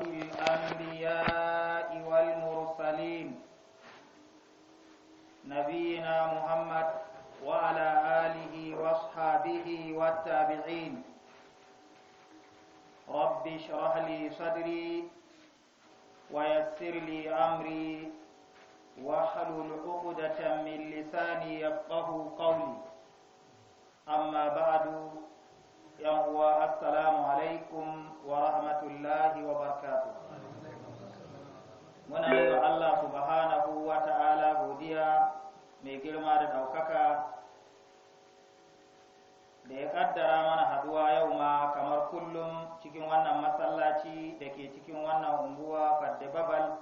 الأنبياء والمرسلين نبينا محمد وعلى آله وأصحابه والتابعين رب اشرح لي صدري ويسر لي أمري واحلل عقدة من لساني يفقه قولي أما بعد yan uwa assalamu alaikum wa rahmatullahi wa barakatuh muna yi wa Allah subhanahu wa ta'ala godiya mai girma da ɗaukaka da ya kaddara mana haduwa yau ma kamar kullum cikin wannan masallaci da ke cikin wannan unguwa fadde babal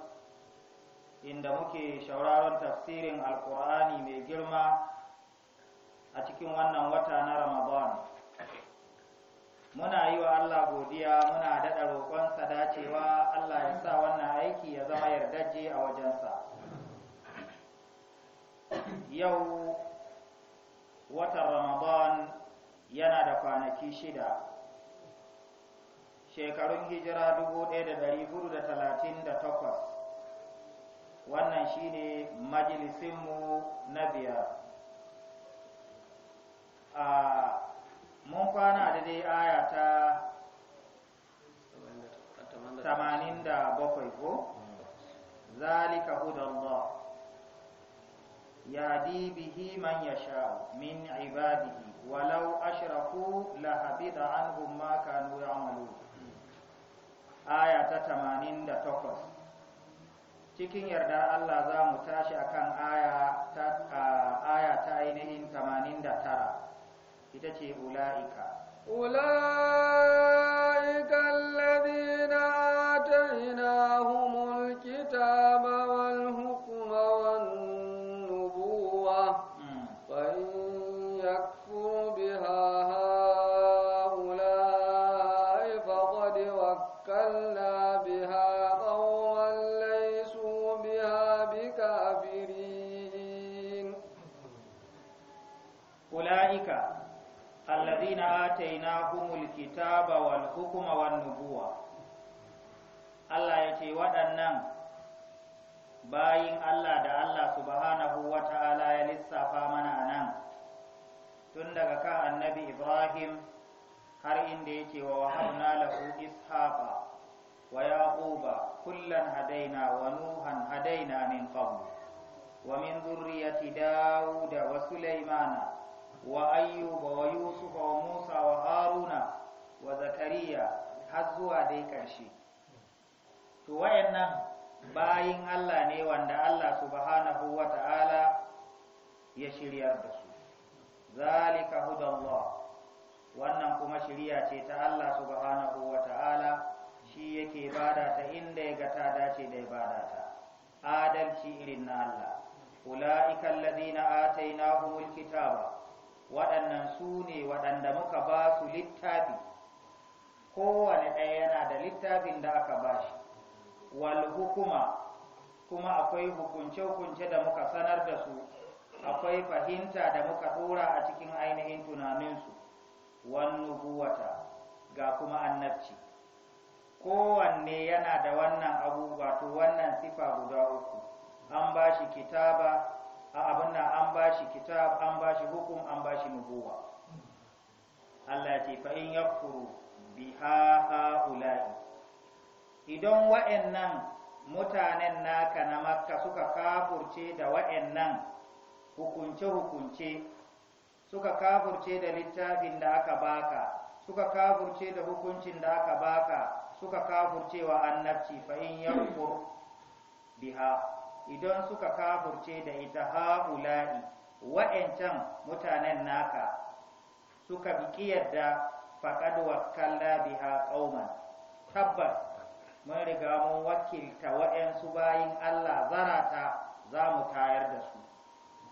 inda muke shauraron tafsirin alkur'ani mai girma a cikin wannan wata na ramadan muna yi wa Allah godiya muna daɗa roƙonsa dacewa Allah ya sa wannan aiki ya zama yardaje a wajensa yau watan ramadan yana da kwanaki shida shekarun hijira 1438 wannan shi ne majalisinmu na biyar a mun kwana da dai aya ta 87 ko zalika ya di bihi man yasha min ibadihi walau ashraku la habida an ma kanu ya'malu aya ta 88 cikin yarda Allah za mu tashi akan aya ta aya ta ainihin 89 ita ce ula'ika ula'ika kitaba wal hukuma wan nubuwa Allah yake waɗannan bayin Allah da Allah subhanahu wa ta'ala ya lissafa mana a nan. tun daga kan annabi Ibrahim har inda yake wa wahabna lahu ishaqa wa yaquba kullan hadaina wa nuhan hadaina min qabl wa min dhurriyyati dauda wa sulaymana wa ayyuba wa yusufa wa musa wa haruna wa zakariya har zuwa dai karshe to wayannan bayin Allah ne wanda Allah subhanahu wa ta'ala ya shiryar da su zalika hudallah wannan kuma shirya ce ta Allah subhanahu wa ta'ala shi yake bada ta inda ya ga ta dace da ibada ta adalci irin na Allah ula'ikan ladina atainahumul kitaba waɗannan su ne waɗanda muka ba su littafi kowane ɗaya yana da littafin da aka bashi wal hukuma kuma akwai hukunce-hukunce da muka sanar da su akwai fahimta da muka tura a cikin ainihin tunaninsu wannan buwata ga kuma annabci kowanne yana da wannan abu wato wannan sifa guda uku an ba shi kitaba a abin nan an ba shi kitab an ba shi hukum an ba shi nubuwa Allah ya ce fa in yakfuru biha haulai idon wa'en nan mutanen naka na makka suka kafurce da wa'en nan hukunce hukunce suka kafurce da littafin da aka baka suka kafurce da hukuncin da aka baka suka kafurce wa annabci fa'in yankur biha idan suka kafurce da ita haulai wa'en can mutanen naka suka biki yadda faƙad wakalla biha qauman tabbas mun riga mun wakilta waɗansu bayin Allah zarata za mu tayar da su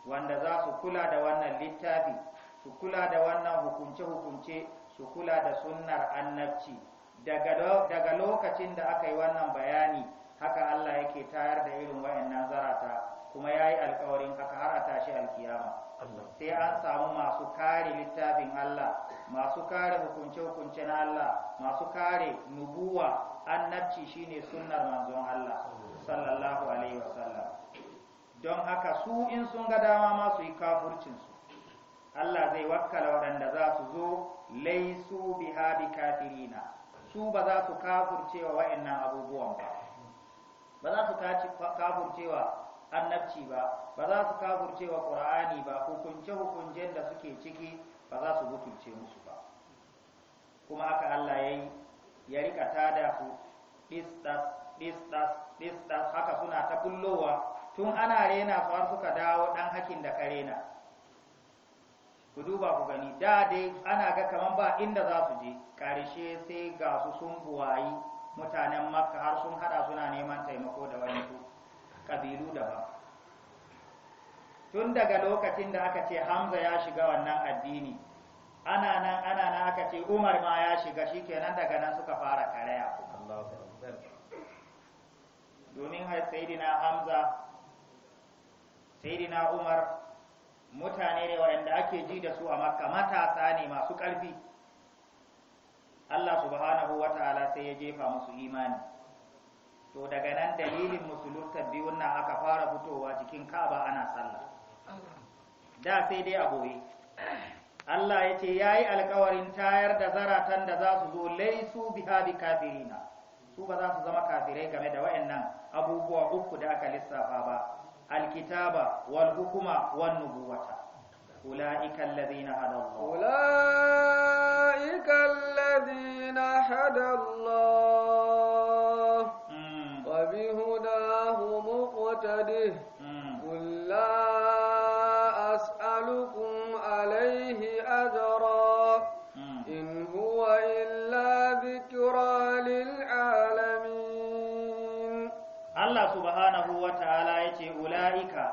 wanda za su kula da wannan littafi su kula da wannan hukunce-hukunce su kula da sunnar annabci daga lokacin da aka yi wannan bayani haka Allah yake tayar da irin wayannan zarata kuma ya yi alkawarin haka har a tashi alkiyama sai an samu masu kare littafin Allah masu kare hukunce-hukunce na Allah masu kare nubuwa annabci shine sunnar manzon Allah sallallahu alaihi wasallam don haka su in sun ga dama ma su yi su. Allah zai wakkala waɗanda za su zo laisu biha bi kafirina su ba za su kafurcewa wa'annan abubuwan ba ba za su kafurcewa annabci ba ba za su kafurce wa qur'ani ba hukunce hukuncen da suke ciki ba za su hukunce musu ba kuma aka Allah yayi ya rika tada su distas haka suna ta kullowa tun ana rena su har suka dawo dan hakin da ka rena ku duba ku gani da dai ana ga kamar ba inda za su je karshe sai ga su sun buwayi mutanen makka har sun hada suna neman taimako da wani su ƙabilu daban tun daga lokacin da aka ce hamza ya shiga wannan addini ana nan ana nan aka ce umar ma ya shiga shi kenan daga nan suka fara karaya domin har sayidina hamza sayidina umar mutane ne waɗanda ake ji da su a makka matasa ne masu ƙarfi Allah subhanahu wa ta'ala sai ya jefa musu imani to daga nan dalilin musulunta biyu wannan aka fara fitowa cikin kaba ana sallah da sai dai a Allah ya ce ya yi alkawarin tayar da zaratan da za su zo laisu biha bi kafirina su ba za su zama kafirai game da wayannan abubuwa uku da aka lissafa ba alkitaba wal hukuma wan nubuwata ulaika alladhina hada Allah ulaika alladhina hada Allah مقتده قل لا أسألكم عليه أجرا إن هو إلا ذكرى للعالمين الله سبحانه وتعالى يتي أولئك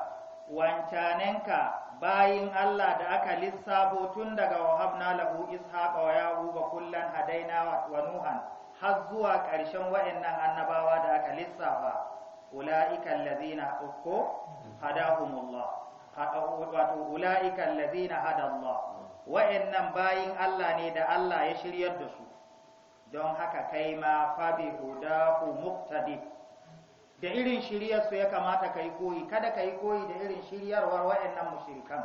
وانتاننك bayin Allah da aka lissafo tun daga wahabna lahu ishaqa wa yaquba kullan hadaina wa nuhan har zuwa ƙarshen waɗannan annabawa da aka lissafa ula'ika allazina ko hadahumullah wato ula'ika allazina hadallah wa'annan bayin Allah ne da Allah ya shiryar da su don haka kai ma fabi hudahu muqtadi da irin shiryar su ya kamata kai koyi kada kai koyi da irin shiryarwar wa'annan mushrikan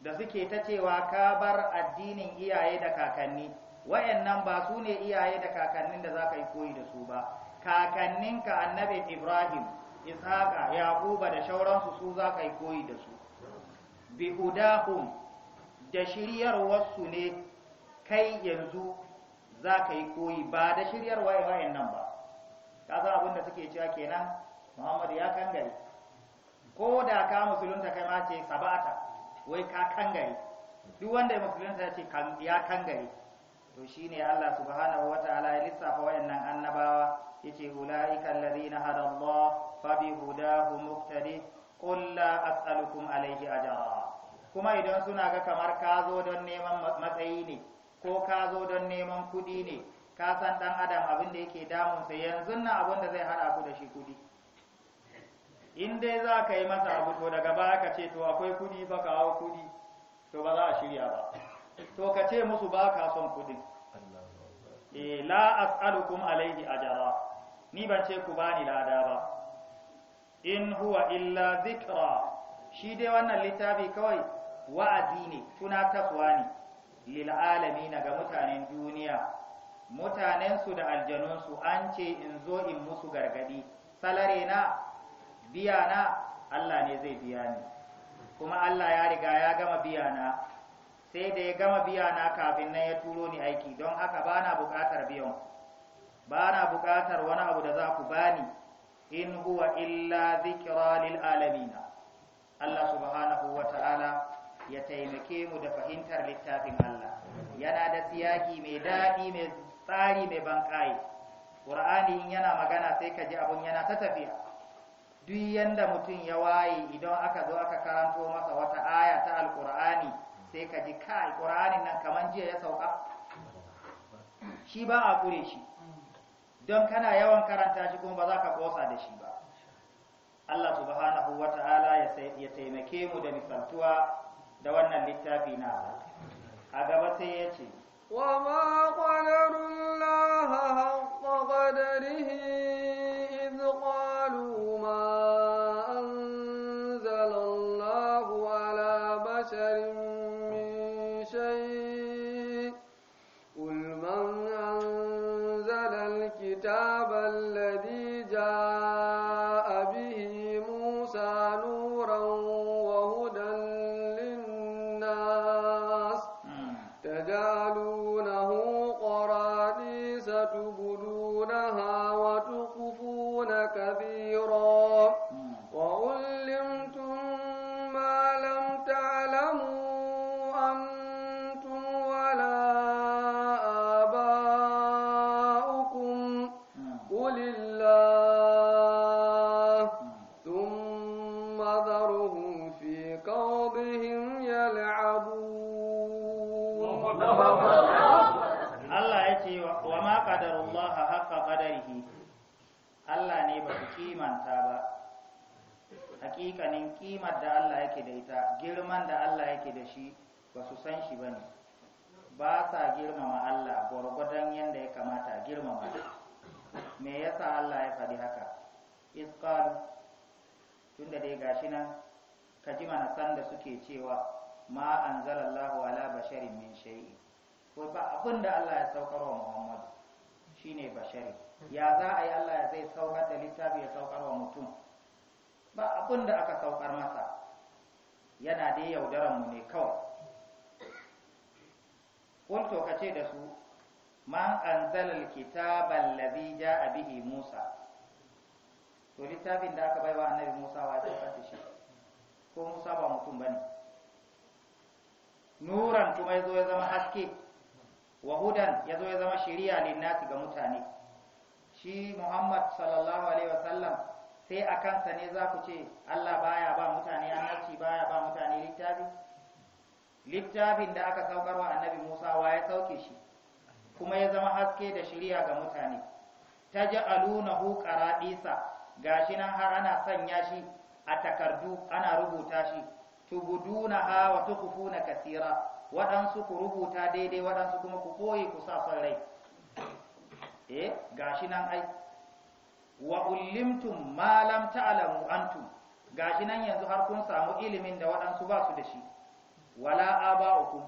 da suke ta cewa ka bar addinin iyaye da kakanni wa'annan ba su ne iyaye da kakannin da za ka yi koyi da su ba kakanninka annabi ibrahim ishaqa yaquba da shauransu su za ka yi koyi da su bi hudahum da shiryarwarsu ne kai yanzu za ka yi koyi ba da shiryarwa ibrahim nan ba ka abinda abin da suke cewa kenan muhammad ya kangare ko da ka musulunta kai ma ce sabata wai ka kangare duk wanda ya musulunta ya ce ya kangare to shine Allah subhanahu wataala ya lissafa wayannan annabawa yace ulaika alladhina hada Allah fa bi hudahu muqtadi qul la as'alukum alayhi ajra kuma idan suna ga kamar ka zo don neman matsayi ne ko ka zo don neman kudi ne ka san dan adam abin da yake damunsa yanzu nan abin da zai hada ku da shi kudi in dai za ka yi masa abu to daga baya ka ce to akwai kudi fa ka hau kudi to ba za a shirya ba to ka ce musu ba ka son kudin eh la as'alukum alaihi ajra ni ban ce ku bani lada ba in huwa illa zikra shi dai wannan littafi kawai wa'azi ne tafwa ne lil alamin ga mutanen duniya mutanen su da aljanun su an ce in zo in musu gargadi salare na biya na Allah ne zai biya ni kuma Allah ya riga ya gama biya na sai da ya gama biya na kafin nan ya turo ni aiki don haka ba na buƙatar biyan ba na buƙatar wani abu da za ku bani in huwa illa zikira lil alamina Allah subhanahu wa ta'ala ya taimake mu da fahimtar littafin Allah yana da siyaki mai daɗi mai tsari mai bankai ƙur'ani in yana magana sai ka ji abun yana ta tafiya duk yanda mutum ya waye idan aka zo aka karanto masa wata aya ta alƙur'ani sai ka ji ka ƙur'anin nan kamar jiya ya sauka shi ba a ƙure shi don kana yawan karanta shi kuma ba za ka kosa da shi ba Allah subhanahu wa ta'ala ya taimake mu da misaltuwa da wannan littafi na a gaba sai ya ce wa ma Laha haqqa ƙadarihin. kimar da Allah yake da ita girman da Allah yake da shi ba su san shi ba ne ba sa girmama Allah gwargwadon yadda ya kamata girmama me ya sa Allah ya faɗi haka iskar da dai gashi nan ka ji mana san da suke cewa ma an zalallahu ala basharin min shai'i ko ba abin da Allah ya saukar wa shine bashari ya za a yi Allah ya zai saukar da littafi ya saukar wa mutum ba abin da aka saukar masa yana dai yaudaranmu ne kawai kulto ka ce da su man an zalal kitaban ladhi a bihi musa to littafin da aka baiwa annabi musa wa ta shi ko musa ba mutum bane nuran kuma yazo ya zama haske wa hudan yazo ya zama shari'a linnasi ga mutane shi muhammad sallallahu alaihi wasallam sai a kansa ne za ku ce Allah baya ba mutane annabci baya ba mutane littafi littafin da aka saukar wa annabi Musa wa ya sauke shi kuma ya zama haske da shirya ga mutane Ta ji taj'alunahu qaradisa gashi nan har ana sanya shi a takardu ana rubuta shi ha wa na kasira waɗansu ku rubuta daidai waɗansu kuma ku koyi ku sa son rai eh gashi nan ai wa ullimtum ma lam ta'lamu antum gashi nan yanzu har kun samu ilimin da waɗansu ba su da shi wala aba'ukum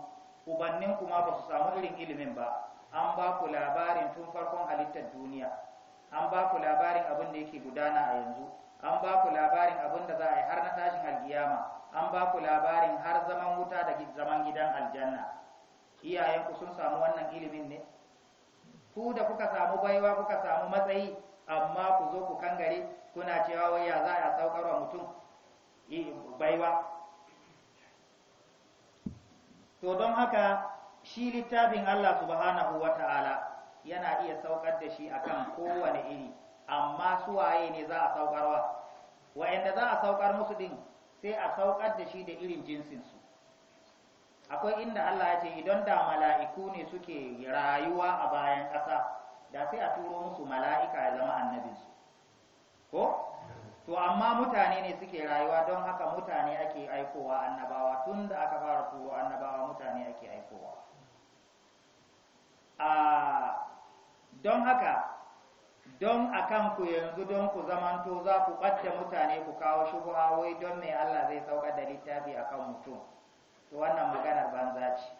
ubannin kuma ba su samu irin ilimin ba an ba ku labarin tun farkon halittar duniya an ba ku labarin abin da yake gudana a yanzu an ba ku labarin abin da za a yi har na tashin alkiyama an ba ku labarin har zaman wuta da zaman gidan aljanna iyayenku sun samu wannan ilimin ne ku da kuka samu baiwa kuka samu matsayi amma ku zo ku kangare kuna cewa wai ya za a saukar wa mutum baiwa to don haka shi littafin Allah subhanahu Ta'ala yana iya saukar da shi akan kowane iri amma suwaye ne za a saukarwa wa'anda za a saukar musu din sai a saukar da shi da irin jinsinsu akwai inda Allah ya ce idan da mala'iku ne suke rayuwa a bayan ƙasa da sai a turo musu mala'ika ya zama annabinsu ko to amma mutane ne suke rayuwa don haka mutane ake aikowa annabawa tun da aka fara turo annabawa mutane ake aikowa don haka don a kanku yanzu don ku zamanto za ku ɓatta mutane ku kawo shi wai don mai Allah zai saukar da littafi a kan mutum to wannan maganar banza ce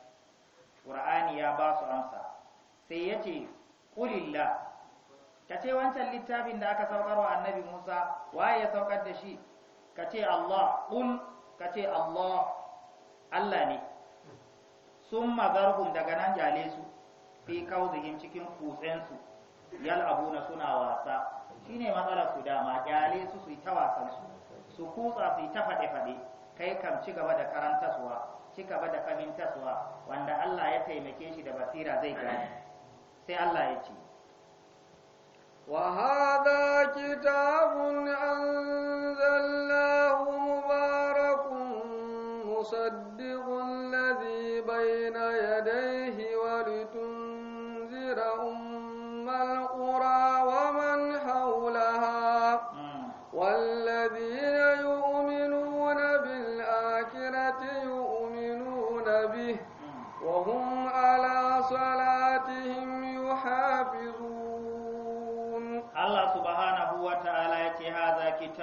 ƙura'ani ya ba su amsa sai ya ce kulillah ka ce wancan littafin da aka saukar wa annabi Musa waye ya saukar da shi ka ce Allah kul ka ce Allah Allah ne sun mazarhum daga nan jale su fi kauzihim cikin kutsensu na suna wasa Shi ne matsalar su dama jale su su yi ta wasan su kutsa su yi ta faɗe-faɗe kai kam ci gaba da karantaswa ci gaba da kamintaswa wanda Allah ya taimake shi da basira zai gane sai Allah ya ce, Wa haɗa kita an mubarakun musaddi.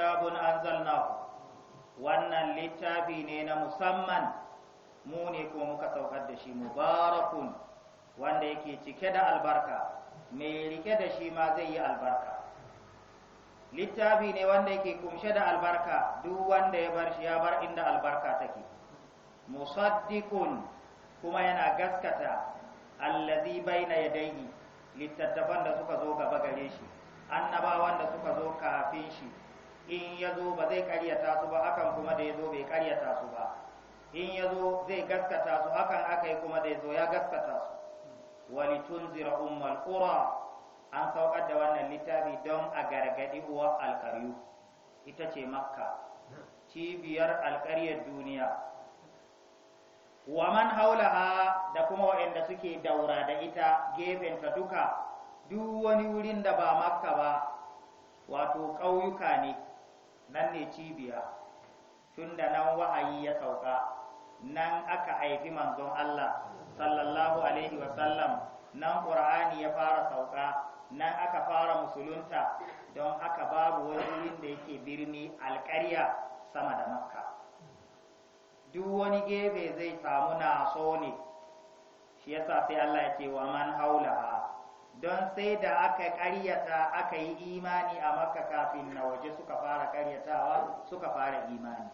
kitabun anzalnahu wannan littafi ne na musamman mu ne ko muka saukar da shi mubarakun wanda yake cike da albarka mai rike da shi ma zai yi albarka littafi ne wanda yake kumshe da albarka duk wanda ya bar shi ya bar inda albarka take musaddiqun kuma yana gaskata allazi baina yadayhi littattafan da suka zo gaba gare shi annabawan da suka zo kafin shi in ya zo ba zai karyata su ba hakan kuma da ya zo bai karyata su ba in ya zo zai gaskata su hakan aka yi kuma da ya zo ya gaskata su wani tun zira umar kura an saukar da wannan littafi don a gargadi uwa alkaryu ita ce makka cibiyar alkaryar duniya waman man haulaha da kuma waɗanda suke daura da ita gefenta duka duk wani wurin da ba makka ba wato ƙauyuka ne nan ne cibiya tun da nan wahayi ya sauka nan aka haifi manzon Allah sallallahu alaihi wasallam nan ƙur'ani ya fara sauka nan aka fara musulunta don aka babu wani wurin da yake birni alƙarya sama da makka duk wani gefe zai samu na so ne shi yasa sai Allah ya ce wa man haulaha don sai da aka karyata aka yi imani a makka kafin na waje suka fara ƙaryatawa, suka fara imani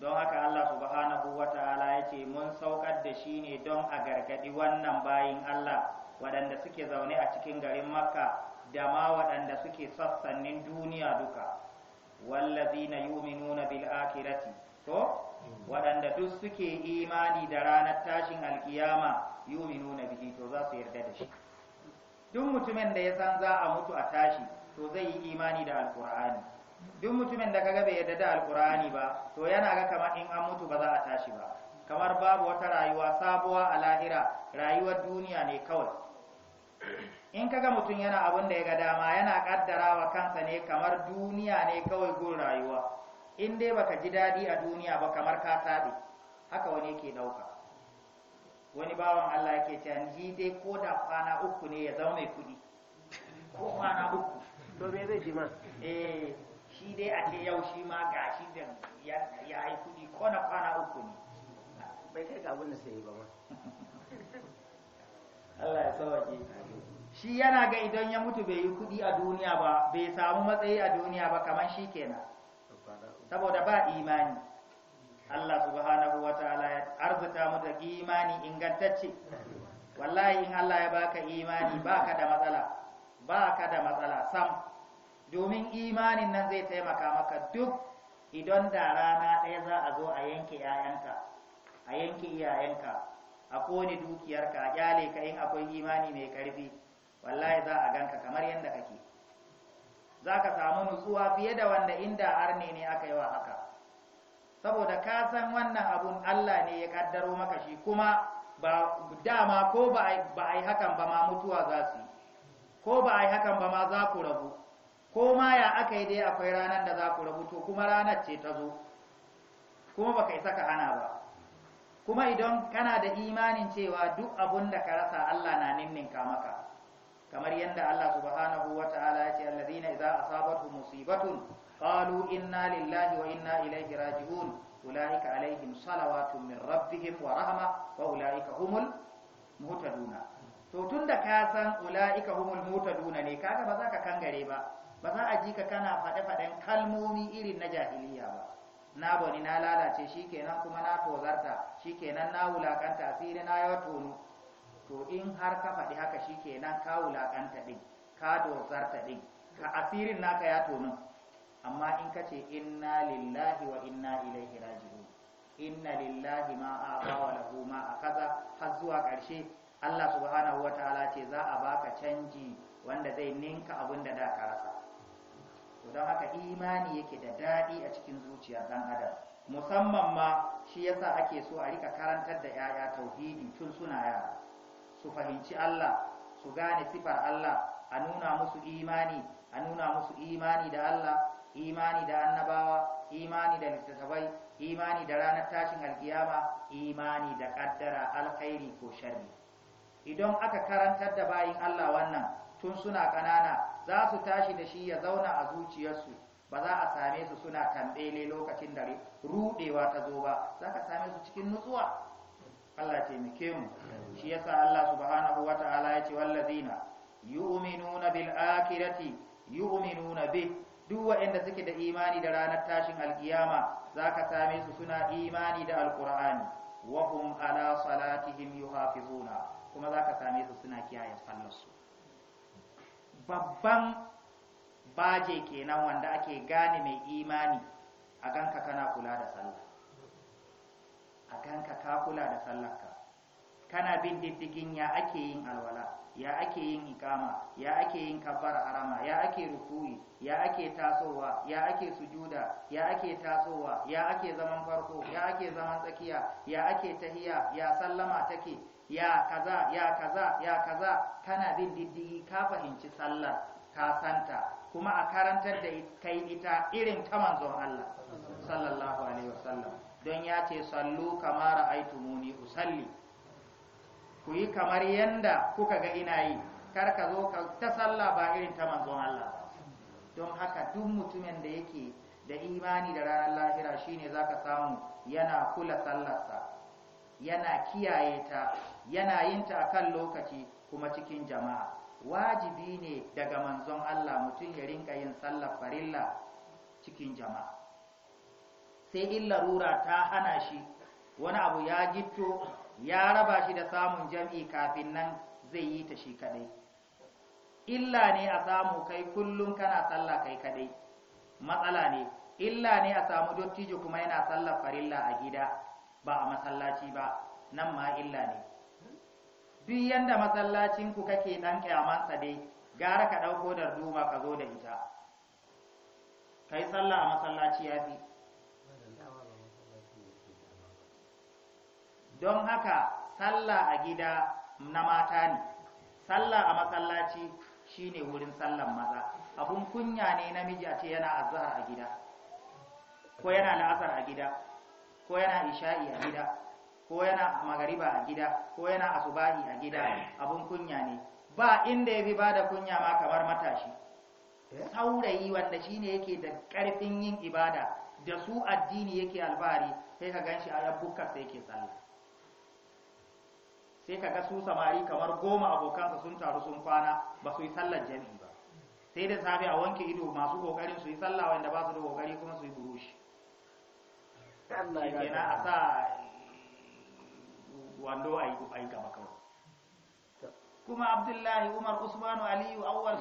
don haka Allah subhanahu wa ta'ala ya ce mun saukar da shi ne don a gargadi wannan bayin Allah waɗanda suke zaune a cikin garin makka da ma waɗanda suke sassanin duniya duka na wallazina yu'minuna bil akhirati ko. waɗanda duk suke imani da ranar tashin alkiyama yomi nuna biki to za su yarda da shi duk mutumin da ya san za a mutu a tashi to zai yi imani da alkur'ani duk mutumin da kaga bai yarda da alkur'ani ba to yana ga kamar in an mutu ba za a tashi ba kamar babu wata rayuwa sabuwa a lahira rayuwar duniya ne kawai in kaga mutum yana abun da ya ga dama yana kaddara wa kansa ne kamar duniya ne kawai gun rayuwa in dai baka ji daɗi a duniya ba kamar ka taɓe haka wani yake ɗauka wani bawan Allah yake cewa ji dai ko da kwana uku ne ya zama mai kuɗi ko kwana uku to me zai ji ma eh shi dai a ce yau shi ma gashi da ya yi kuɗi ko na kwana uku ne bai kai ga abin da sai ba ma Allah ya sauke shi yana ga idan ya mutu bai yi kuɗi a duniya ba bai samu matsayi a duniya ba kamar shi kenan saboda ba imani Allah subhanahu wa ta'ala ya arzuta mu da imani ingantacce wallahi in Allah ya baka imani baka da matsala baka da matsala sam domin imanin nan zai taimaka maka duk idan da rana ɗaya za a zo a yanke 'ya'yanka a yanke iyayenka a kone dukiyarka a kyale ka in akwai imani mai karfi wallahi za a ganka kamar yadda kake za ka samu nutsuwa fiye da wanda inda arne ne aka yi wa haka saboda ka san wannan abun Allah ne ya kaddaro maka shi kuma ba dama ko ba a yi hakan ba ma mutuwa za su yi ko ba a hakan ba ma za ku rabu ko ma ya aka yi dai akwai ranar da za ku rabu to kuma ranar ce ta zo kuma baka isa ka hana ba kuma idan kana da imanin cewa duk abun da ka rasa Allah na ninninka maka kamar yadda Allah subhanahu wa ta'ala ya ce allazina idza asabatu musibatun qalu inna lillahi wa inna ilaihi raji'un ulaika alaihim salawatun min rabbihim wa rahma wa ulaika humul muhtaduna to tunda ka san ulaika humul muhtaduna ne kaga ba za ka kangare ba ba za a ji ka kana faɗe-faɗen kalmomi irin na jahiliya ba na boni na lalace shikenan kuma na tozarta shikenan na wulakanta asiri na yawa tonu to in har ka faɗi haka shi kenan ka wulaƙanta ɗin ka dozarta ɗin ka asirin naka ya tonu amma in ka ce inna lillahi wa inna ilaihi raji'un inna lillahi ma a bawa lahu ma a kaza har zuwa ƙarshe Allah subhanahu Ta'ala ce za a baka canji wanda zai ninka abin da da ka rasa to don haka imani yake da daɗi a cikin zuciyar ɗan adam musamman ma shi yasa ake so a rika karantar da 'ya'ya tauhidi tun suna yara su fahimci Allah su gane sifar Allah a nuna musu imani a nuna musu imani da Allah imani da annabawa imani da littattafai imani da ranar tashin alkiyama imani da kaddara alkhairi ko sharri idan aka karantar da bayin Allah wannan tun suna ƙanana za su tashi da shi ya zauna a zuciyarsu ba za a same su suna tambele lokacin da rudewa ta zo ba za ka same su cikin nutsuwa Allah taimake mu shi yasa Allah subhanahu wataala ya ce wallazina yu'minuna bil akhirati yu'minuna bi duk waɗanda suke da imani da ranar tashin alkiyama zaka same su suna imani da Alkur'ani, wa hum ala salatihim yuhafizuna kuma zaka same su suna kiyaye sallarsu. babban baje kenan wanda ake gane mai imani a ganka kana kula da sallah a kanka ka kula da sallarka kana bin diddigin ya ake yin alwala ya ake yin ikama ya ake yin kabbar harama ya ake ruku'i ya ake tasowa ya ake sujuda ya ake tasowa ya ake zaman farko ya ake zaman tsakiya ya ake tahiya ya sallama take ya kaza ya kaza ya kaza kana bin diddigi ka fahimci sallar ka santa kuma a karantar da kai ita irin ta manzon Allah sallallahu alaihi wasallam don ya ce sallu kamar aitumuni usalli ku yi kamar yanda kuka ga ina yi kar ka zo ka ta sallah ba irin ta manzon Allah don haka duk mutumin da yake da imani da ranar lahira shine ka samu yana kula sallarsa yana kiyaye ta yana yin ta akan lokaci kuma cikin jama'a wajibi ne daga manzon Allah mutum ya rinka yin sallar farilla cikin jama'a sai in larura ta hana shi wani abu ya gitto ya raba shi da samun jam'i kafin nan zai yi ta shi kadai illa ne a samu kai kullum kana sallah kai kadai matsala ne illa ne a samu dottijo kuma yana sallar farilla a gida ba a masallaci ba nan ma illa ne duk yanda masallacinku kake dan kyamansa dai gara ka ɗauko duma ka zo da ita kai sallah a masallaci ya fi don haka sallah a gida na mata ne sallah a masallaci shine wurin sallan maza abun kunya ne namiji a ce yana azhar a gida ko yana la'asar a gida ko yana isha'i a gida ko yana magariba a gida ko yana asubahi a gida abun kunya ne ba inda ya fi ba da kunya ma kamar matashi eh? saurayi wanda shine yake da ƙarfin yin ibada da su addini yake albari sai ka ganshi a sai yake sallah sai ka ga su samari kamar goma abokansa sun taru sun kwana ba su yi sallar jami'i ba sai da safe a wanke ido masu kokarin su yi sallah wanda ba su da kokari kuma su yi burushi kuma abdullahi umar usmanu aliyu awwal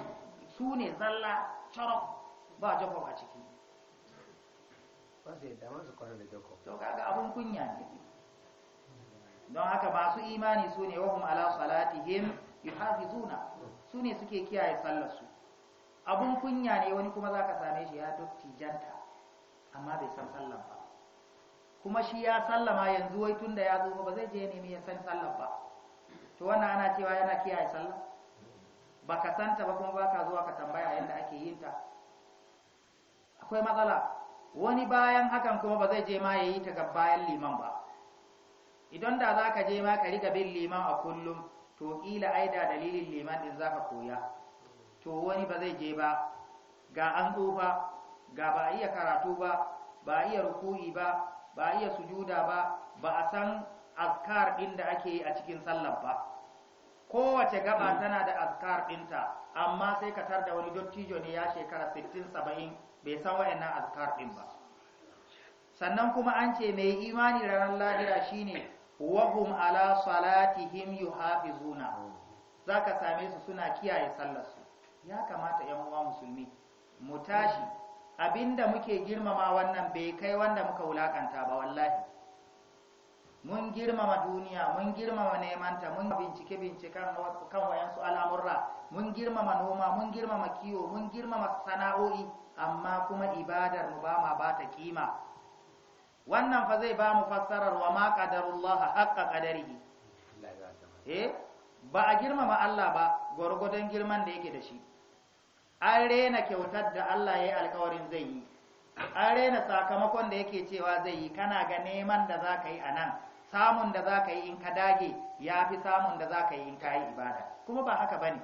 su ne zalla charok ba jakob a ciki ba su damar su kwanar da jakob to kaga abun kunya ne don haka masu imani su ne wahum ala salatihim yuhafizuna su ne suke kiyaye sallar abun kunya ne wani kuma zaka same shi ya janta, amma bai san sallar ba kuma shi ya sallama yanzu wai tunda ya zo ba zai je nemi ya san sallar ba to wannan ana cewa yana kiyaye sallar baka santa ba kuma baka zuwa ka tambaya yadda ake yin ta akwai matsala wani bayan hakan kuma ba zai je ma yayi ta ga bayan liman ba idan da za ka je ma ka riga bin liman a kullum to ƙila ai da dalilin liman din za ka koya to wani ba zai je ba ga an tsufa ga ba iya karatu ba ba a iya ruku'i ba ba iya sujuda ba ba a san azkar din da ake yi a cikin sallar ba kowace gaba hmm. tana da azkar dinta amma sai ka tar da wani dottijo ne ya shekara 60 70 bai san wayannan azkar din ba sannan kuma an ce mai imani ranar lahira shine wahum ala salatihim yuhafizuna zaka same su suna kiyaye sallarsu ya kamata yan uwa musulmi mu tashi abinda muke girmama wannan bai kai wanda muka wulakanta ba wallahi mun girmama duniya mun girmama nemanta mun bincike binciken kan su al'amurra mun girmama noma mun girmama kiwo mun girmama sana'o'i amma kuma ibadar mu ba ma bata kima wannan fa zai ba mu fassarar wa ma qadarullah haqqa qadarihi eh ba a girmama Allah ba gurgudan girman da yake da shi an rena kyautar da Allah ya yi alkawarin zai yi an rena sakamakon da yake cewa zai yi kana ga neman da za ka yi a nan samun da za ka yi in ka dage ya fi samun da za ka yi in ka yi ibada kuma ba haka ba ne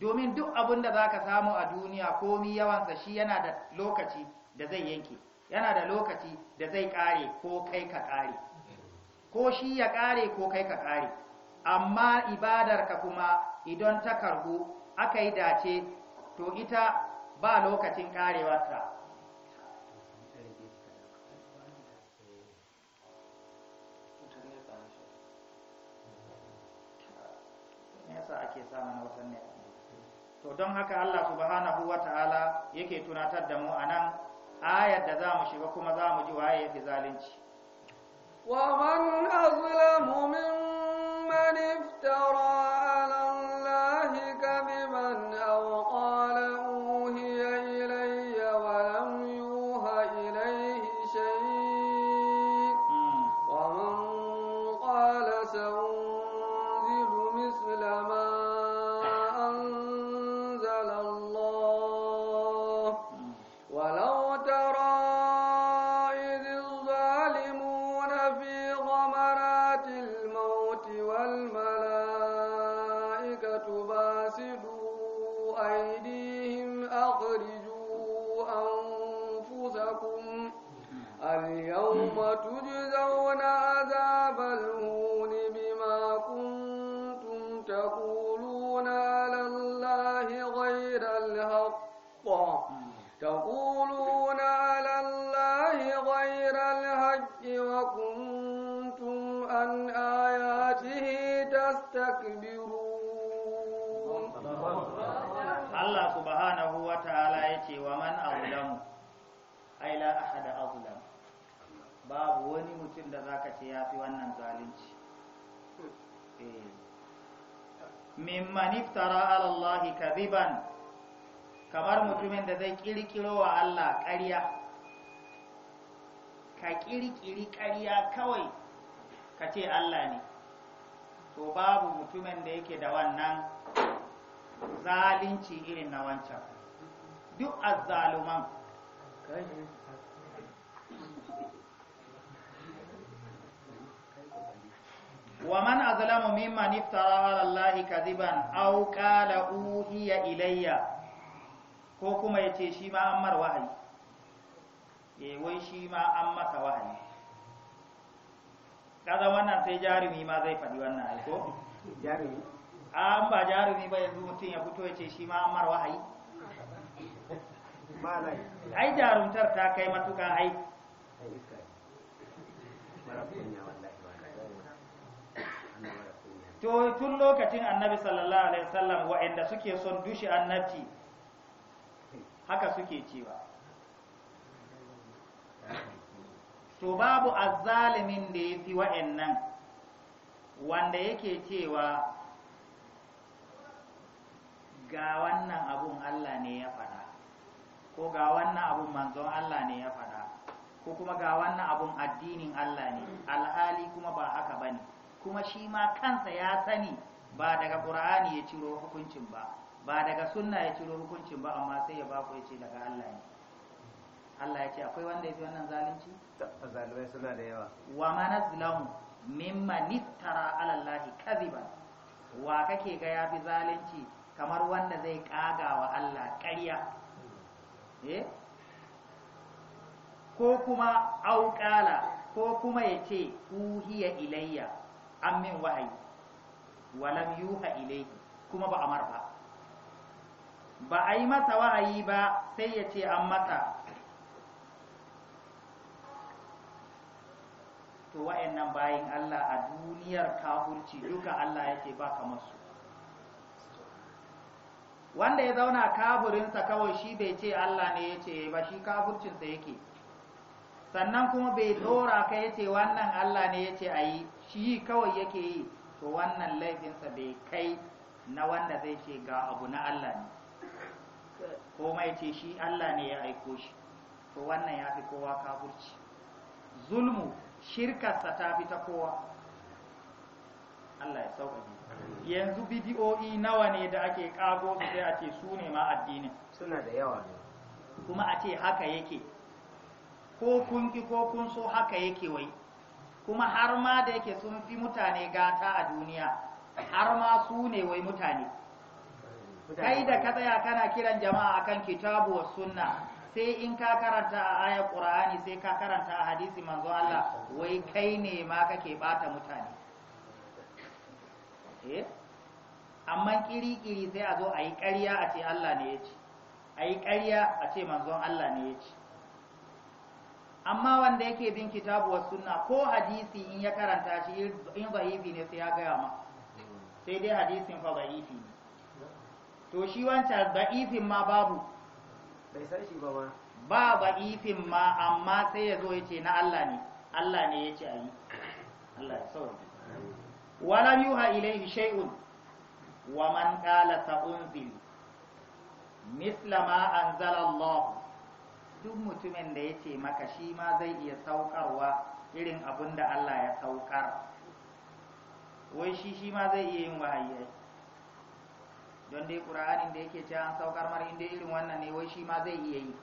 domin duk abin da za ka samu a duniya komi yawansa shi yana da lokaci da zai yanke yana da lokaci da zai kare ko kai ka kare ko shi ya kare ko kai ka kare amma ibadarka kuma idan ta karbu aka yi dace to ita ba lokacin karewarta nesa ake samun watan ne to don haka Allah subhanahu wa ta'ala yake tunatar da mu a nan ayar da za mu shiga kuma za mu ji waye ya fi zalunci wa man azlamu mimman iftara ala ce wa man azlamu ai la ahada azlam babu wani mutum da zaka ce ya fi wannan zalunci min eh. mimman iftara ala allahi kamar mutumin da zai kirkiro wa Allah ƙarya ka kirkiri ƙarya kawai ka ce Allah ne to babu mutumin da yake da wannan zalunci irin na wancan duk azzaluman wa man azlamu mimman iftara ala allahi kadiban aw qala uhiya ilayya ko kuma yace shi ma an mar wahayi eh wai shi ma an masa wahayi kaza wannan sai jarumi ma zai faɗi wannan aiko jarumi an ba jarumi ba yanzu mutum ya fito ya ce shi ma an wahayi ai jarumtar ta kai matuka ai to tun lokacin annabi sallallahu alaihi wasallam wa'anda suke son dushi annabci haka suke cewa to babu azzalimin da yafi fi wa'annan wanda yake cewa ga wannan abun Allah ne ya faɗa ko ga wannan abun manzon Allah ne ya faɗa ko kuma ga wannan abun addinin Allah ne alhali kuma ba haka bane kuma shi ma kansa ya sani ba daga Qur'ani ya ciro hukuncin ba ba daga sunna ya ciro hukuncin ba amma sai ya bako ya ce daga Allah ne Allah ya ce akwai wanda ya fi wannan zalunci zalimai suna da yawa wa manazlamu mimma nittara ala Allah kadhiban wa kake ga yafi zalunci kamar wanda zai kagawa Allah ƙarya E? ko kuma auƙala ko kuma ya ce uhiya ilayya an min wahayi walam yuha ilayhi kuma ba amar ba ba a yi masa wahayi ba sai ya ce an mata. to wa'annan bayan Allah a duniyar kafurci duka Allah yake ba kamar su wanda ya zauna kaburinsa kawai shi bai ce Allah ne ya ce ba shi kafurcinsa yake sannan kuma bai dora ka ya ce wannan Allah ne ya ce a yi shi kawai yake yi to wannan laifinsa bai kai na wanda zai ce ga abu na Allah ne mai ce shi Allah ne ya aiko shi to wannan ya fi kowa kafurci zulmu shirkarsa ta fi ta kowa Allah ya yanzu bidiyoyi nawa ne da ake kago su sai a ce su ne ma addinin suna da yawa ne kuma a ce haka yake ko kun ki ko kun so haka yake wai kuma har ma da yake sun fi mutane gata a duniya har ma su ne wai mutane kai da ka tsaya kana kiran jama'a akan kitabu wa sunna sai in ka karanta a ayar qur'ani sai ka karanta a hadisi manzo Allah wai kai ne ma kake bata mutane eh amma kiri-kiri sai a zo a yi ƙarya a ce Allah ne ya ce a yi ƙarya a ce manzon Allah ne ya ce amma wanda yake bin kitabu wa suna ko hadisi in ya karanta shi in zahifi ne sai ya gaya ma sai dai hadisin fa zahifi ne to shi wancan zahifin ma babu bai shi ba ba zahifin ma amma sai ya zo ya ce na Allah ne Allah ne ya ce a yi Allah ya sauke wala yuha ilaihi shay'un wa man qala sa'unzil misla ma anzala Allah duk mutumin da yace maka shi ma zai iya saukarwa irin abin da Allah ya saukar wai shi shi ma zai iya yin wahayi don dai ƙura'anin da yake cewa an saukar mara inda irin wannan ne wai shi ma zai iya yi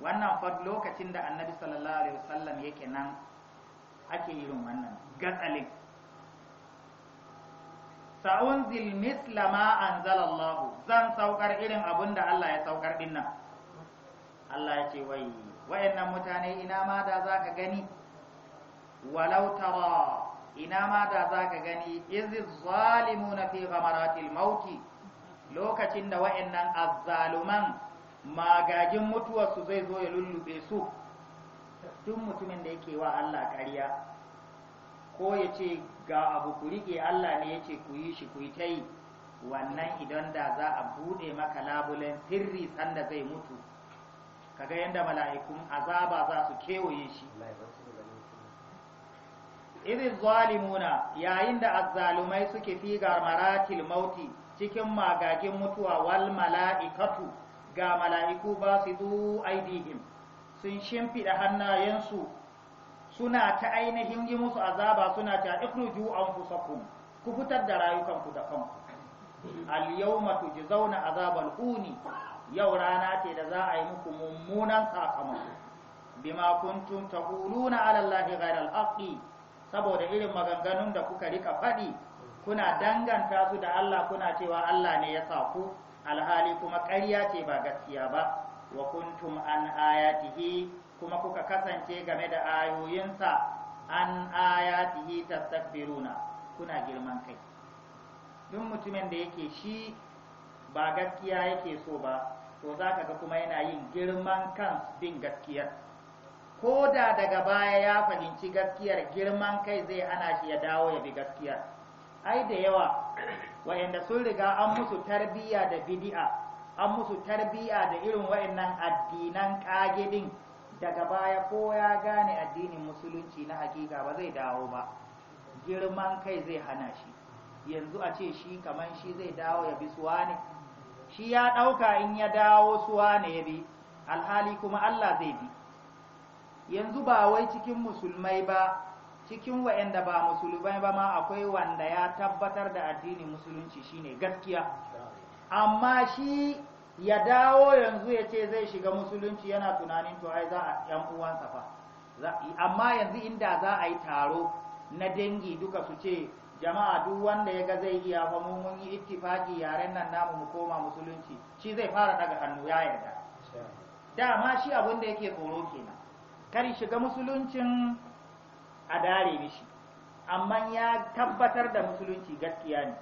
wannan fa lokacin da annabi sallallahu alaihi wasallam yake nan ake irin wannan gatsalin sa'unzil misla ma anzalallahu zan saukar irin abin da Allah ya saukar din nan Allah ya ce wai wayannan mutane ina ma da zaka gani walau tara ina ma da zaka gani iz zalimuna fi ghamaratil mauti lokacin da wayannan azzaluman magagin mutuwarsu zai zo ya lullube su duk mutumin da yake wa Allah ƙarya ko ya ce ga abu ku riƙe Allah ne ya ce ku yi shi ku yi ta yi wannan idan da za a buɗe maka labulen sirri sanda zai mutu kaga yadda mala'ikun azaba za su kewaye shi irin zalimuna yayin da azzalumai suke fi maratil mauti cikin magagin mutuwa wal mala'ikatu ga mala'iku ba su du aidihim sun shimfiɗa hannayensu suna ta ainihin yi musu azaba suna ta an anfusakum ku fitar da rayukanku da kanku al yawma tujzauna azabal huni yau rana ce da za a yi muku mummunan sakamako bima kuntum taquluna ala allahi ghayra al haqqi saboda irin maganganun da kuka rika faɗi kuna danganta su da Allah kuna cewa Allah ne ya sa ku alhali kuma ƙarya ce ba gaskiya ba wa kuntum an ayatihi kuma kuka kasance game da ayoyinsa an ayatihi tastakbiruna kuna girman kai duk mutumin da yake shi ba gaskiya yake so ba to za ka ga kuma yana yin girman kan bin gaskiyar ko da daga baya ya fahimci gaskiyar girman kai zai hana shi ya dawo ya bi gaskiyar ai da yawa wayanda sun riga an musu tarbiyya da bidi'a an musu tarbiy'a da irin wa'annan addinan kagedin daga baya ko ya gane addinin musulunci na hakika ba zai dawo ba girman kai zai hana shi yanzu a ce shi kamar shi zai dawo ya bi suwa ne shi ya ɗauka in ya dawo suwa ne ya bi alhali kuma Allah zai bi yanzu ba wai cikin musulmai ba cikin waɗanda ba musulmai ba ma akwai wanda ya tabbatar da addinin musulunci shine gaskiya amma shi ya dawo yanzu ya ce zai shiga musulunci yana tunanin to ai za a yan uwansa fa amma yanzu inda za a yi taro na dangi duka su ce jama'a duk wanda ya ga zai iya fa mu mun yi ittifaki yaren nan namu mu koma musulunci shi zai fara daga hannu ya yarda dama shi abin da yake tsoro kenan kar shiga musuluncin a dare mishi amma ya tabbatar da musulunci gaskiya ne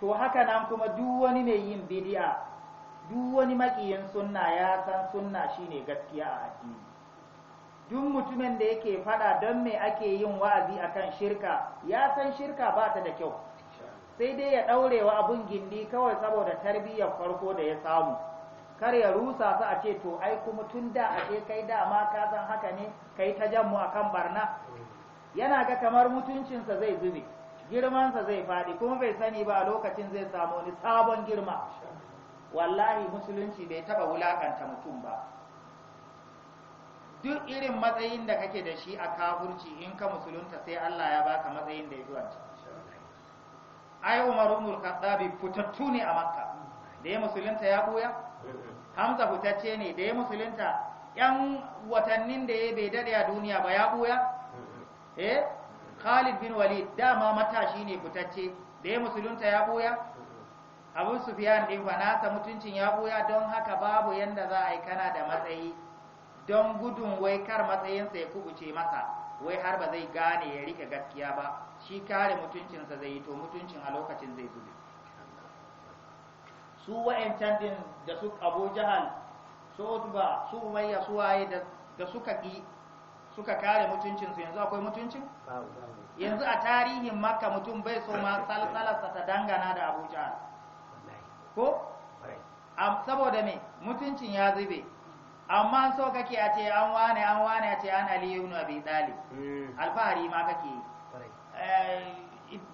to haka nan kuma duk wani mai yin bid'a duk wani makiyin sunna ya san sunna shine gaskiya a addini duk mutumin da yake fada don me ake yin wa'azi akan shirka ya san shirka ba ta da kyau sai dai ya wa abun gindi kawai saboda tarbiyyar farko da ya samu kar ya rusa su a ce to ai kuma tun da a ce kai dama ka san haka ne kai ta jammu kan barna yana ga kamar mutuncinsa zai zube girmansa zai faɗi kuma bai sani ba a lokacin zai samu wani sabon girma wallahi musulunci bai taba wulakanta mutum ba duk irin matsayin da kake da shi a kafurci in ka musulunta sai Allah ya baka matsayin da ya zuwa ai Umar ibn al-Khattab fitattu ne a Makka da ya musulunta ya boya Hamza fitacce ne da ya musulunta yan watannin da ya bai dade a duniya ba ya boya eh Khalid bin Walid dama matashi ne fitacce da ya musulunta ya boya abu sufiyan din fa nasa mutuncin ya buya don haka babu yanda za a yi kana da matsayi don gudun wai kar matsayinsa ya kubuce masa wai har ba zai gane ya rike gaskiya ba shi kare mutuncinsa zai yi to mutuncin a lokacin zai zube su wa'ancan din da su abu jahal su utba su umayya su waye da suka ki suka kare mutuncinsu yanzu akwai mutuncin yanzu a tarihin makka mutum bai so ma salsalarsa ta dangana da abu jahal ko saboda me mutuncin ya zube amma so kake a ce an wane an wane a ce an ali ibn abi talib hmm. alfahari ma kake eh,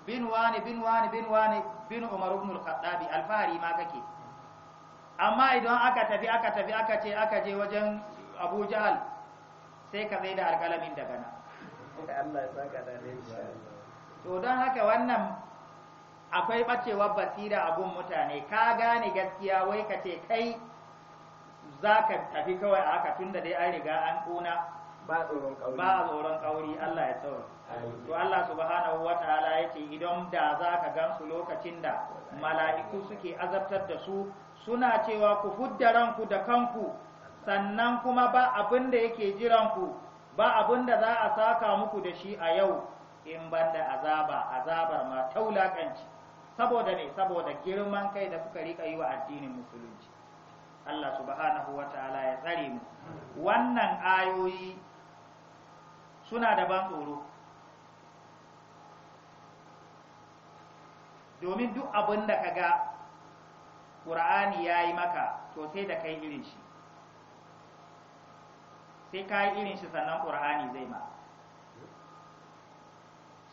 bin wani bin wani bin wani bin umar ibn al-khattabi alfahari ma kake amma idan aka tafi aka tafi aka ce aka je wajen abu jahal sai ka zai da alƙalamin daga na to don haka wannan akwai ɓacewar basira abun mutane ka gane gaskiya wai ka ce kai za ka tafi kawai a haka tunda dai an riga an ƙuna ba tsoron kauri Allah ya tsoro to Allah subhanahu wa ta'ala ya ce idan da za ka su lokacin da mala'iku suke azabtar da su suna cewa ku fudda ranku da kanku sannan kuma ba abin da yake jiranku ba abin da za a saka muku da shi a yau in banda azaba azabar ma taulakanci saboda ne saboda girman kai da suka rika yi wa addinin musulunci Allah subhanahu wa ta'ala ya tsare mu wannan ayoyi suna da ban tsoro domin duk abin da ka ga ƙura'ani ya yi maka to sai da kai irin shi sai ka yi irin shi sannan ƙura'ani zai ma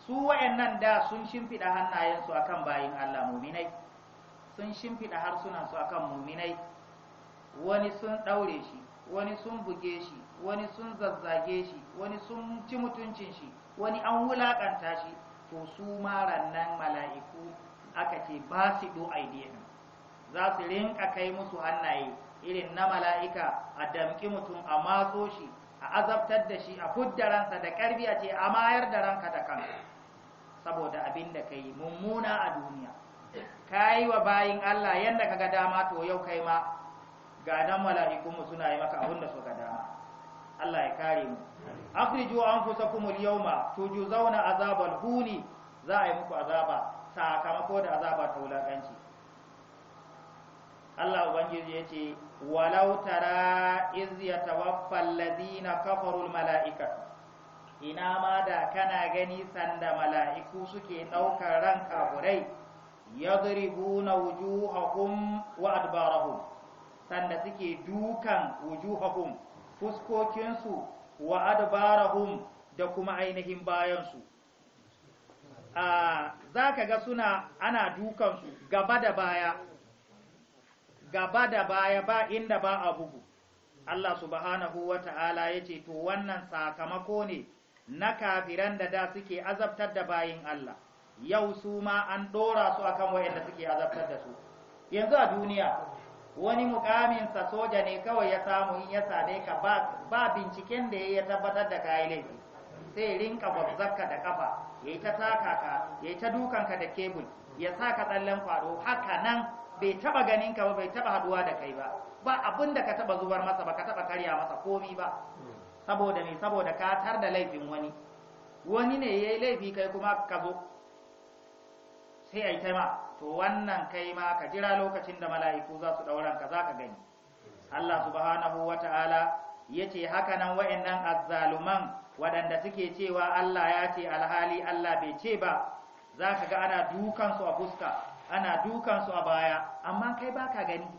su wa'annan da sun shimfiɗa hannayensu akan bayin Allah muminai sun shimfiɗa harsunansu akan muminai wani sun ɗaure shi wani sun buge shi wani sun zazzage shi wani sun ci mutuncin shi wani an wulaƙanta shi to su maran nan mala'iku aka ce ba su do aidiyan za su rinka kai musu hannaye irin na mala'ika a damƙi mutum a matso shi a azabtar da shi a fuddaransa da ƙarfi a ce a mayar da ranka da kanka saboda abin da kai mummuna a duniya kai wa bayin Allah yanda ga dama to yau kai ma ga dan mala'iku suna yi maka abin da suka dama Allah ya kare mu akhriju anfusakum al-yawma tujzauna azabal huni za a yi muku azaba sakamako da azaba ta wulakanci Allah ubangiji yace walau tara iz yatawaffa alladhina kafaru al-mala'ikatu ina ma da kana gani sanda mala'iku suke ɗaukar ran kafurai ya zuribu na wujuhahum wa adbarahum sanda suke dukan wujuhahum fuskokinsu wa adbarahum da kuma ainihin bayansu za ka ga suna ana dukansu gaba da baya gaba da baya ba inda ba a bugu Allah subhanahu wa ta'ala ya ce to wannan sakamako ne na kafiran da da suke azabtar da bayin Allah yau su ma an dora su akan wayanda suke azabtar da su yanzu a duniya wani mukamin sa soja ne kawai ya samu in ya sade ka ba ba binciken da yayi ya tabbatar da kai laifi sai rinka bazzaka da kafa yayi ta taka ka yayi ta dukan ka da kebul ya saka tsallen kwado haka nan bai taba ganin ka ba bai taba haduwa da kai ba ba abin da ka taba zubar masa ba ka taba karya masa komi ba saboda me saboda ka tar da laifin wani wani ne yayi laifi kai kuma ka zo sai ai taima to wannan kai ma ka jira lokacin da mala'iku za su dauran ka zaka gani Allah subhanahu wata'ala yace haka nan wa'annan azzaluman waɗanda suke cewa Allah ya ce alhali Allah bai ce ba za ka ga ana dukansu a fuska ana dukansu a baya amma kai baka gani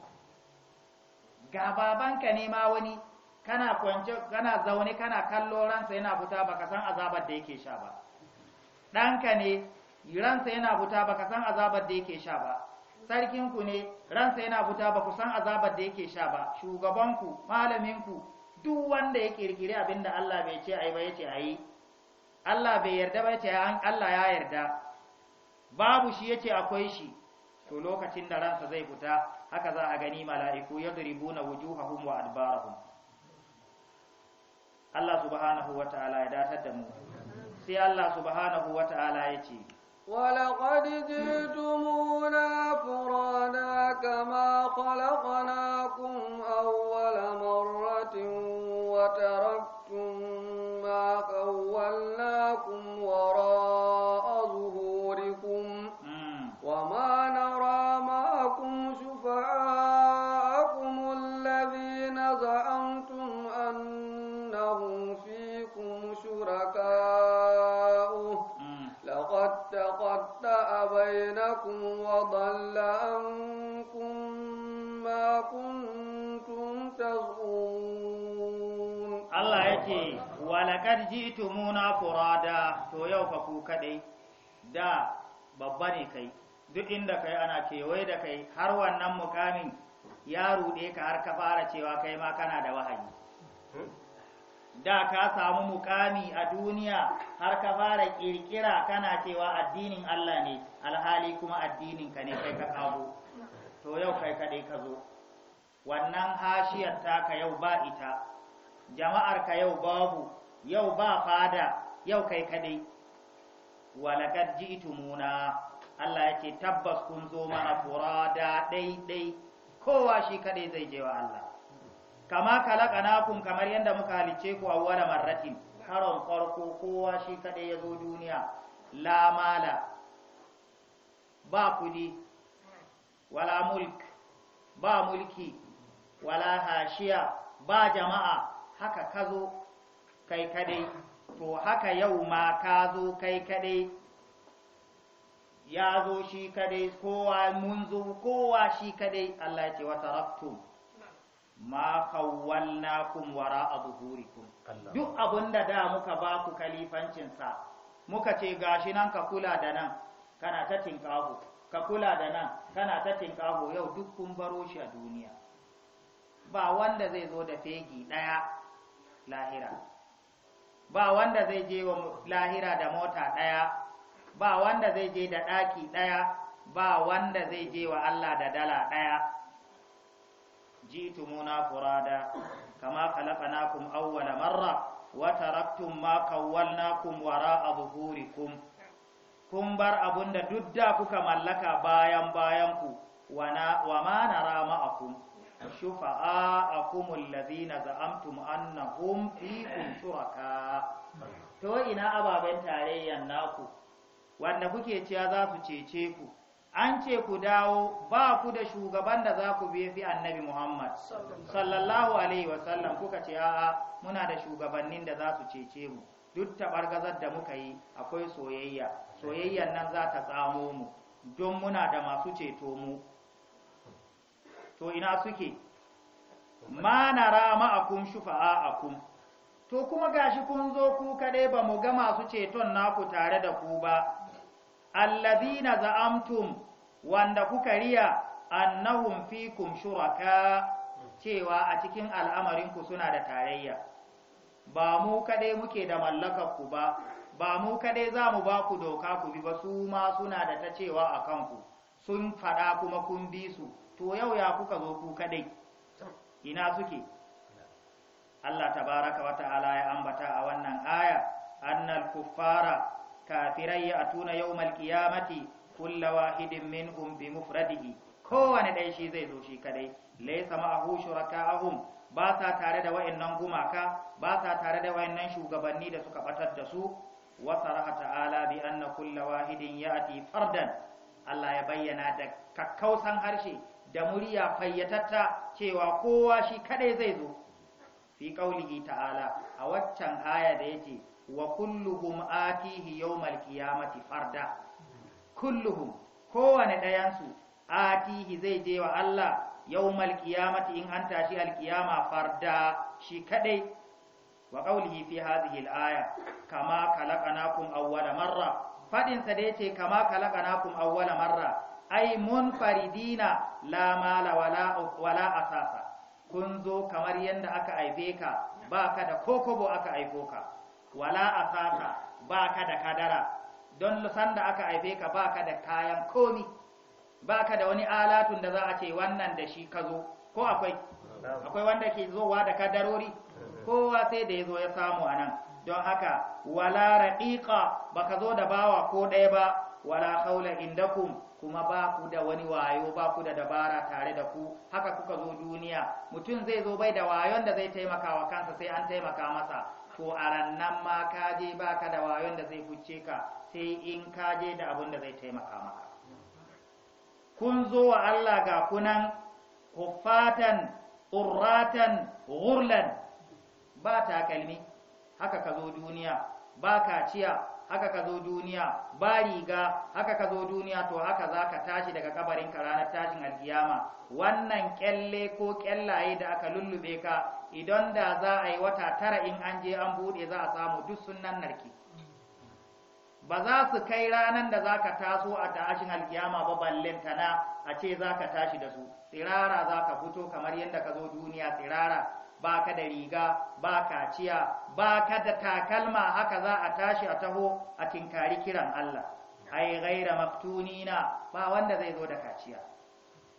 ga babanka ne ma wani kana kwance kana zaune kana kallo ransa yana fita baka san azabar da yake sha ba ɗanka ne ransa yana fita baka san azabar da yake sha ba sarkinku ne ransa yana fita ba san azabar da yake sha ba shugabanku malaminku duk wanda ya kirkiri abin da Allah bai ce ai ba yace Allah bai yarda ba yace Allah ya yarda babu shi yace akwai shi to lokacin da ransa zai fita haka za a gani mala'iku yadribuna wujuhahum wa adbarahum Allah subhanahu ta'ala ya datar da mu sai Allah subhanahu ta'ala ya ce ولقد جئتمونا فرادا كما خلقناكم أول مرة وتركتم ما خولناكم وراء له فيكم شركاؤه لقد تقطع بينكم وضل عنكم ما كنتم تزعمون الله يكي ولقد جئتمونا فرادا تو يو فكو دا babbane kai duk inda kai ana kewaye da kai har wannan mukamin ya ruɗe ka har ka fara cewa kai ma kana da wahayi da ka samu mukami a duniya har ka fara kirkira kana cewa addinin Allah ne alhali kuma addinin ka ne kai ka kawo to yau kai kadai ka zo wannan hashiyar taka yau ba ita jama'ar ka yau babu yau ba fada yau kai kadai walakad ji'tumuna Allah ya tabbas kun zo mana furada dai dai kowa shi kadai zai je wa Allah kama kalakanakun kamar yadda muka halice ku awwala marratin karon farko kowa shi kadai ya zo duniya la mala ba kudi wala mulk ba mulki wala hashiya ba jama'a haka kazo kai kadai to haka yau ma ka zo kai kadai ya zo shi kadai kowa mun zo kowa shi kadai Allah ya ce wa taraktum ma kum wara zuhurikum duk abunda da muka ba ku kalifancin sa muka ce gashi nan ka kula da nan kana ta tinkaho ka kula da nan kana ta tinkaho yau duk kun baro shi a duniya ba wanda zai zo da fegi daya lahira ba wanda zai je wa lahira da mota daya ba wanda zai je da daki daya ba wanda zai je wa Allah da dala daya jitumuna furada kama khalaqnakum awwala marra wa taraktum ma kawwalnakum wara'a zuhurikum kun bar abunda duk da kuka mallaka bayan bayan ku wa ma nara ma'akum shufa'akum alladhina za'amtum annahum fikum shuraka to ina ababen tarayyan naku wanda kuke cewa za su cece ku an ce ku dawo ba ku da shugaban da za ku biye fi annabi Muhammad sallallahu alaihi wasallam kuka ce a'a muna da shugabannin da za su cece mu duk tabargazar da muka yi akwai soyayya soyayyan nan za ta tsamo mu don muna da masu ceto mu to ina suke ma akum shufa'a akum to kuma gashi kun zo ku kadai ba mu ga masu ceton naku tare da ku ba alladhina za'amtum wanda kuka riya annahum fikum shuraka cewa a cikin al'amarin ku suna da tarayya ba mu kadai muke da mallakar ku ba ba mu kadai za mu ba ku doka ku bi ba su ma suna da ta cewa a kanku sun fada kuma kun bi su to yau ya kuka zo ku kadai ina suke Allah tabaraka wa ta'ala ya ambata a wannan aya annal kuffara kafirai ya tuna yau Malkiya kullu wahidin min umbi mufradihi kowane ɗai shi zai zo shi kadai Lai sama a laysa ma'ahu ahun ba sa tare da wayannan gumaka ba sa tare da wayannan shugabanni da suka batar da su wasa Raha ta'ala bi anna kullu wahidin ya'ti fardan Allah ya bayyana da kakkausan harshe da murya fayyatatta cewa kowa shi kadai zai zo fi qaulihi ta'ala a waccan aya da yake wa kulluhum atihi yawmal qiyamati farda kulluhum kowane su atihi zai je wa Allah yawmal qiyamati in an tashi alqiyama farda shi kadai wa qawlihi fi hadhihi alaya kama khalaqnakum awwala marra fadin sa da yace kama khalaqnakum awwala marra ay munfaridina la mala wala wala asasa kun zo kamar yadda aka aibe ka baka da kokobo aka aiko ka wala asasa baka da kadara don da aka haife ka baka da kayan komi baka da wani alatun da za a ce wannan da shi ka zo ko akwai akwai wanda ke zowa da kadarori kowa sai da ya zo ya samu a nan don haka wala raƙiƙa ba ka zo da bawa ko ɗaya ba wala haula indakum kuma ba ku da wani wayo ba ku da dabara tare da ku haka kuka zo duniya mutum zai zo bai da wayon da zai taimaka wa kansa sai an taimaka masa to a rannan ma ka je ba ka da wayon da zai fuce ka sai in ka je da abin da zai taimaka maka kun zo wa Allah ga kunan kufatan urratan ghurlan ba takalmi haka ka zo duniya ba kaciya haka ka zo duniya ba riga haka ka zo duniya to haka za ka tashi daga kabarin ka ranar tashin alkiyama wannan kyalle ko kyallaye da aka lullube ka idan da za a yi wata tara in an je an bude za a samu duk sunan narki ba za su kai ranar da za ka taso a tashin alkiyama ba na a ce za ka tashi da su tsirara za ka fito kamar yadda ka zo duniya tsirara ba ka da riga ba kaciya ba ka da takalma haka za a tashi a taho a tinkari kiran Allah ai gaira maftunina ba wanda zai zo da kaciya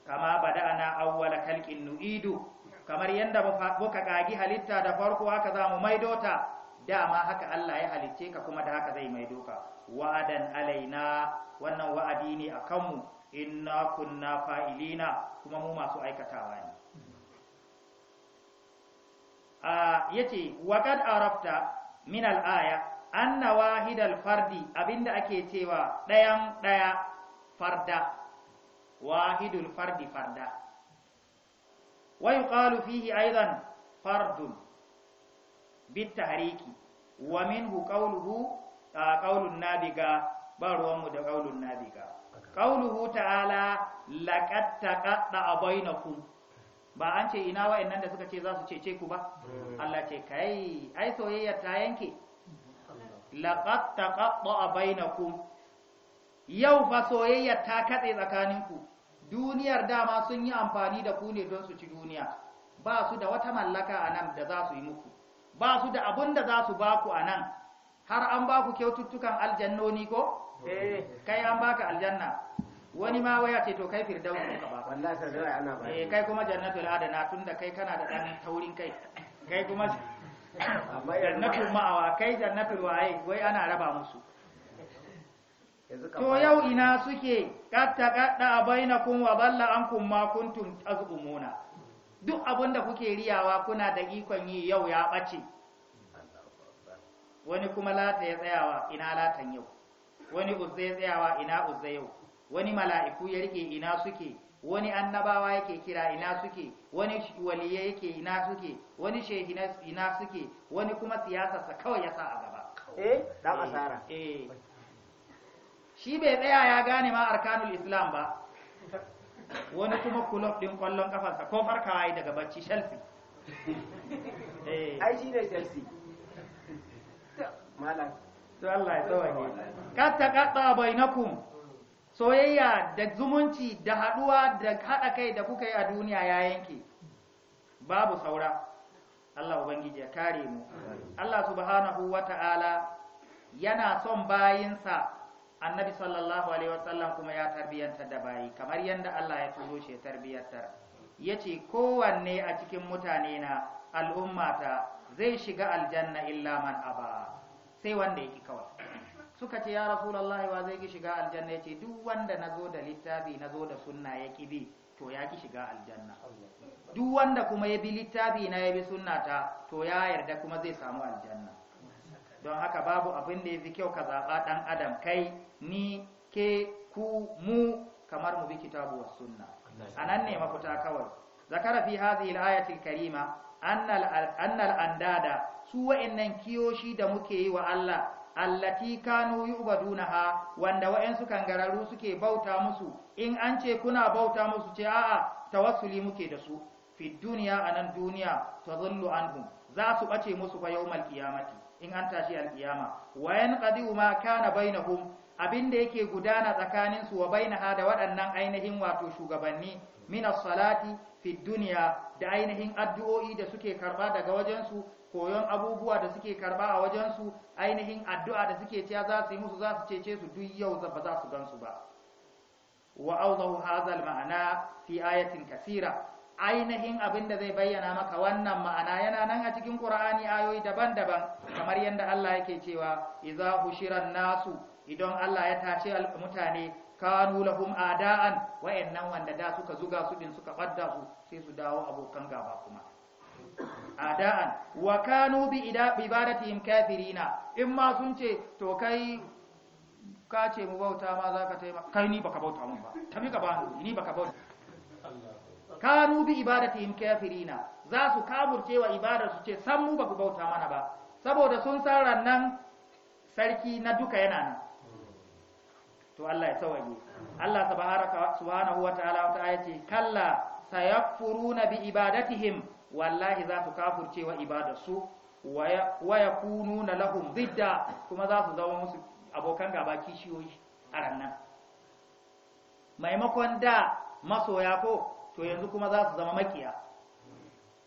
kama ana awwala kalkin nu'idu kamar yadda muka gagi halitta da farko haka za mu maido ta dama haka Allah ya halicce ka kuma da haka zai maido ka wa'adan alaina wannan wa'adi ne akan mu inna kunna fa'ilina kuma mu masu aikatawa ne yace waqad arafta min al-aya anna wahidal fardi abinda ake cewa ɗayan ɗaya farda wahidul fardi farda wa yuqalu fihi aidan fardun tahriki wa minhu qawluhu qawlun nabiga ba da qawlun nabiga qawluhu ta'ala laqad taqadda bainakum ba an ce ina wa'annan da suka ce za su cece ku ba eh. Allah ce kai ai soyayyar ta yanke laqad taqatta'a bainakum yau fa soyayyar ta katse tsakaninku duniyar dama sun yi amfani da ku ne don su ci duniya ba su da wata mallaka a nan da za su yi muku ba su da abun da za su ba ku a nan har an ba ku kyaututtukan aljannoni ko eh kai an baka aljanna wani ma waya ce to kai firdausi ka ba wallahi firdausi ana ba eh kai kuma jannatul adana tunda kai kana da dan taurin kai kai kuma jannatul ma'awa kai jannatul waye wai ana raba musu to yau ina suke katta kadda bainakum wa dalla ankum ma kuntum tazumuna duk abinda kuke riyawa kuna da ikon yi yau ya bace wani kuma lata ya tsayawa ina latan yau wani uzza ya tsayawa ina uzza yau wani mala'iku ya rike ina suke wani annabawa yake kira ina suke wani waliye yake ina suke wani shehina ina suke wani kuma siyasarsa kawai ya sa a gaba eh dan asara eh. shi bai tsaya ya gane ma arkanul islam ba wani kuma kulob din kwallon kafarsa ko farkawa yi daga bacci shelfi eh. ai shi ne shelfi malam to Allah ya tsawage katta katta bainakum soyayya da zumunci da haɗuwa da haɗa kai da kuka yi a duniya ya yanke babu saura Allah Ubangiji ya kare mu Allah subhanahu wa ta'ala yana son bayinsa annabi sallallahu alaihi wasallam kuma ya tarbiyantar da bayi kamar yadda Allah ya turo shi tarbiyatar ya ce kowanne a cikin mutane na al'ummata zai shiga aljanna illa man aba sai wanda yake kawai suka ce ya lallahi wa zai ki shiga aljanna ya ce, duk wanda nazo da littafi na zo da sunna ya bi to ya ki shiga aljanna duk wanda kuma ya bi littafi na ya bi sunna ta to ya yarda kuma zai samu aljanna don haka babu abin da ya fi kyau ka zaɓa ɗan adam kai ni ke ku mu kamar mu bi kitabu was sunna nan ne mafita kawai zakara fi hadhihi al-ayati al-karima anna al-andada su wa'annan kiyoshi da muke yi wa Allah allati kanu yu'badunaha wanda kan kangararu suke bauta musu in an ce kuna bauta musu ce a'a tawassuli muke da su fi duniya anan duniya tadhillu anhum za su bace musu fa yawmal qiyamati in an tashi qiyama wa yanqadi ma kana bainahum abinda yake gudana tsakanin su wa bainaha da waɗannan ainihin wato shugabanni min as-salati fi duniya da ainihin addu'o'i da suke karba daga wajensu koyon abubuwa da suke karba a wajen su ainihin addu'a da suke ciya za su yi musu za su cece su duk yau ba za su gan su ba wa auzahu hazal ma'ana fi ayatin kasira ainihin abin da zai bayyana maka wannan ma'ana yana nan a cikin qur'ani ayoyi daban-daban kamar yadda Allah yake cewa idza hushiran nasu idan Allah ya tace mutane kanu lahum ada'an wa'annan wanda da suka zuga su din suka badda su sai su dawo abokan gaba kuma ada'an wa kanu bi ibadatihim kafirina in ma sun ce to kai ka ce mu bauta ma za ka taimaka kai ni baka bauta mun ba ta mika ba ni baka bauta kanu bi ibadatihim kafirina za su kaburce wa ibadar su ce san mu baku bauta mana ba saboda sun san rannan sarki na duka yana nan to Allah ya tsawaye Allah subhanahu wa ta'ala wata ayati kalla sayakfuruna bi ibadatihim wallahi za su kafurce wa ibadarsu wa ya kunu na lahum zidda kuma za su zama musu abokan gaba kishiyoyi a rannan maimakon da masoya ko to yanzu kuma za su zama makiya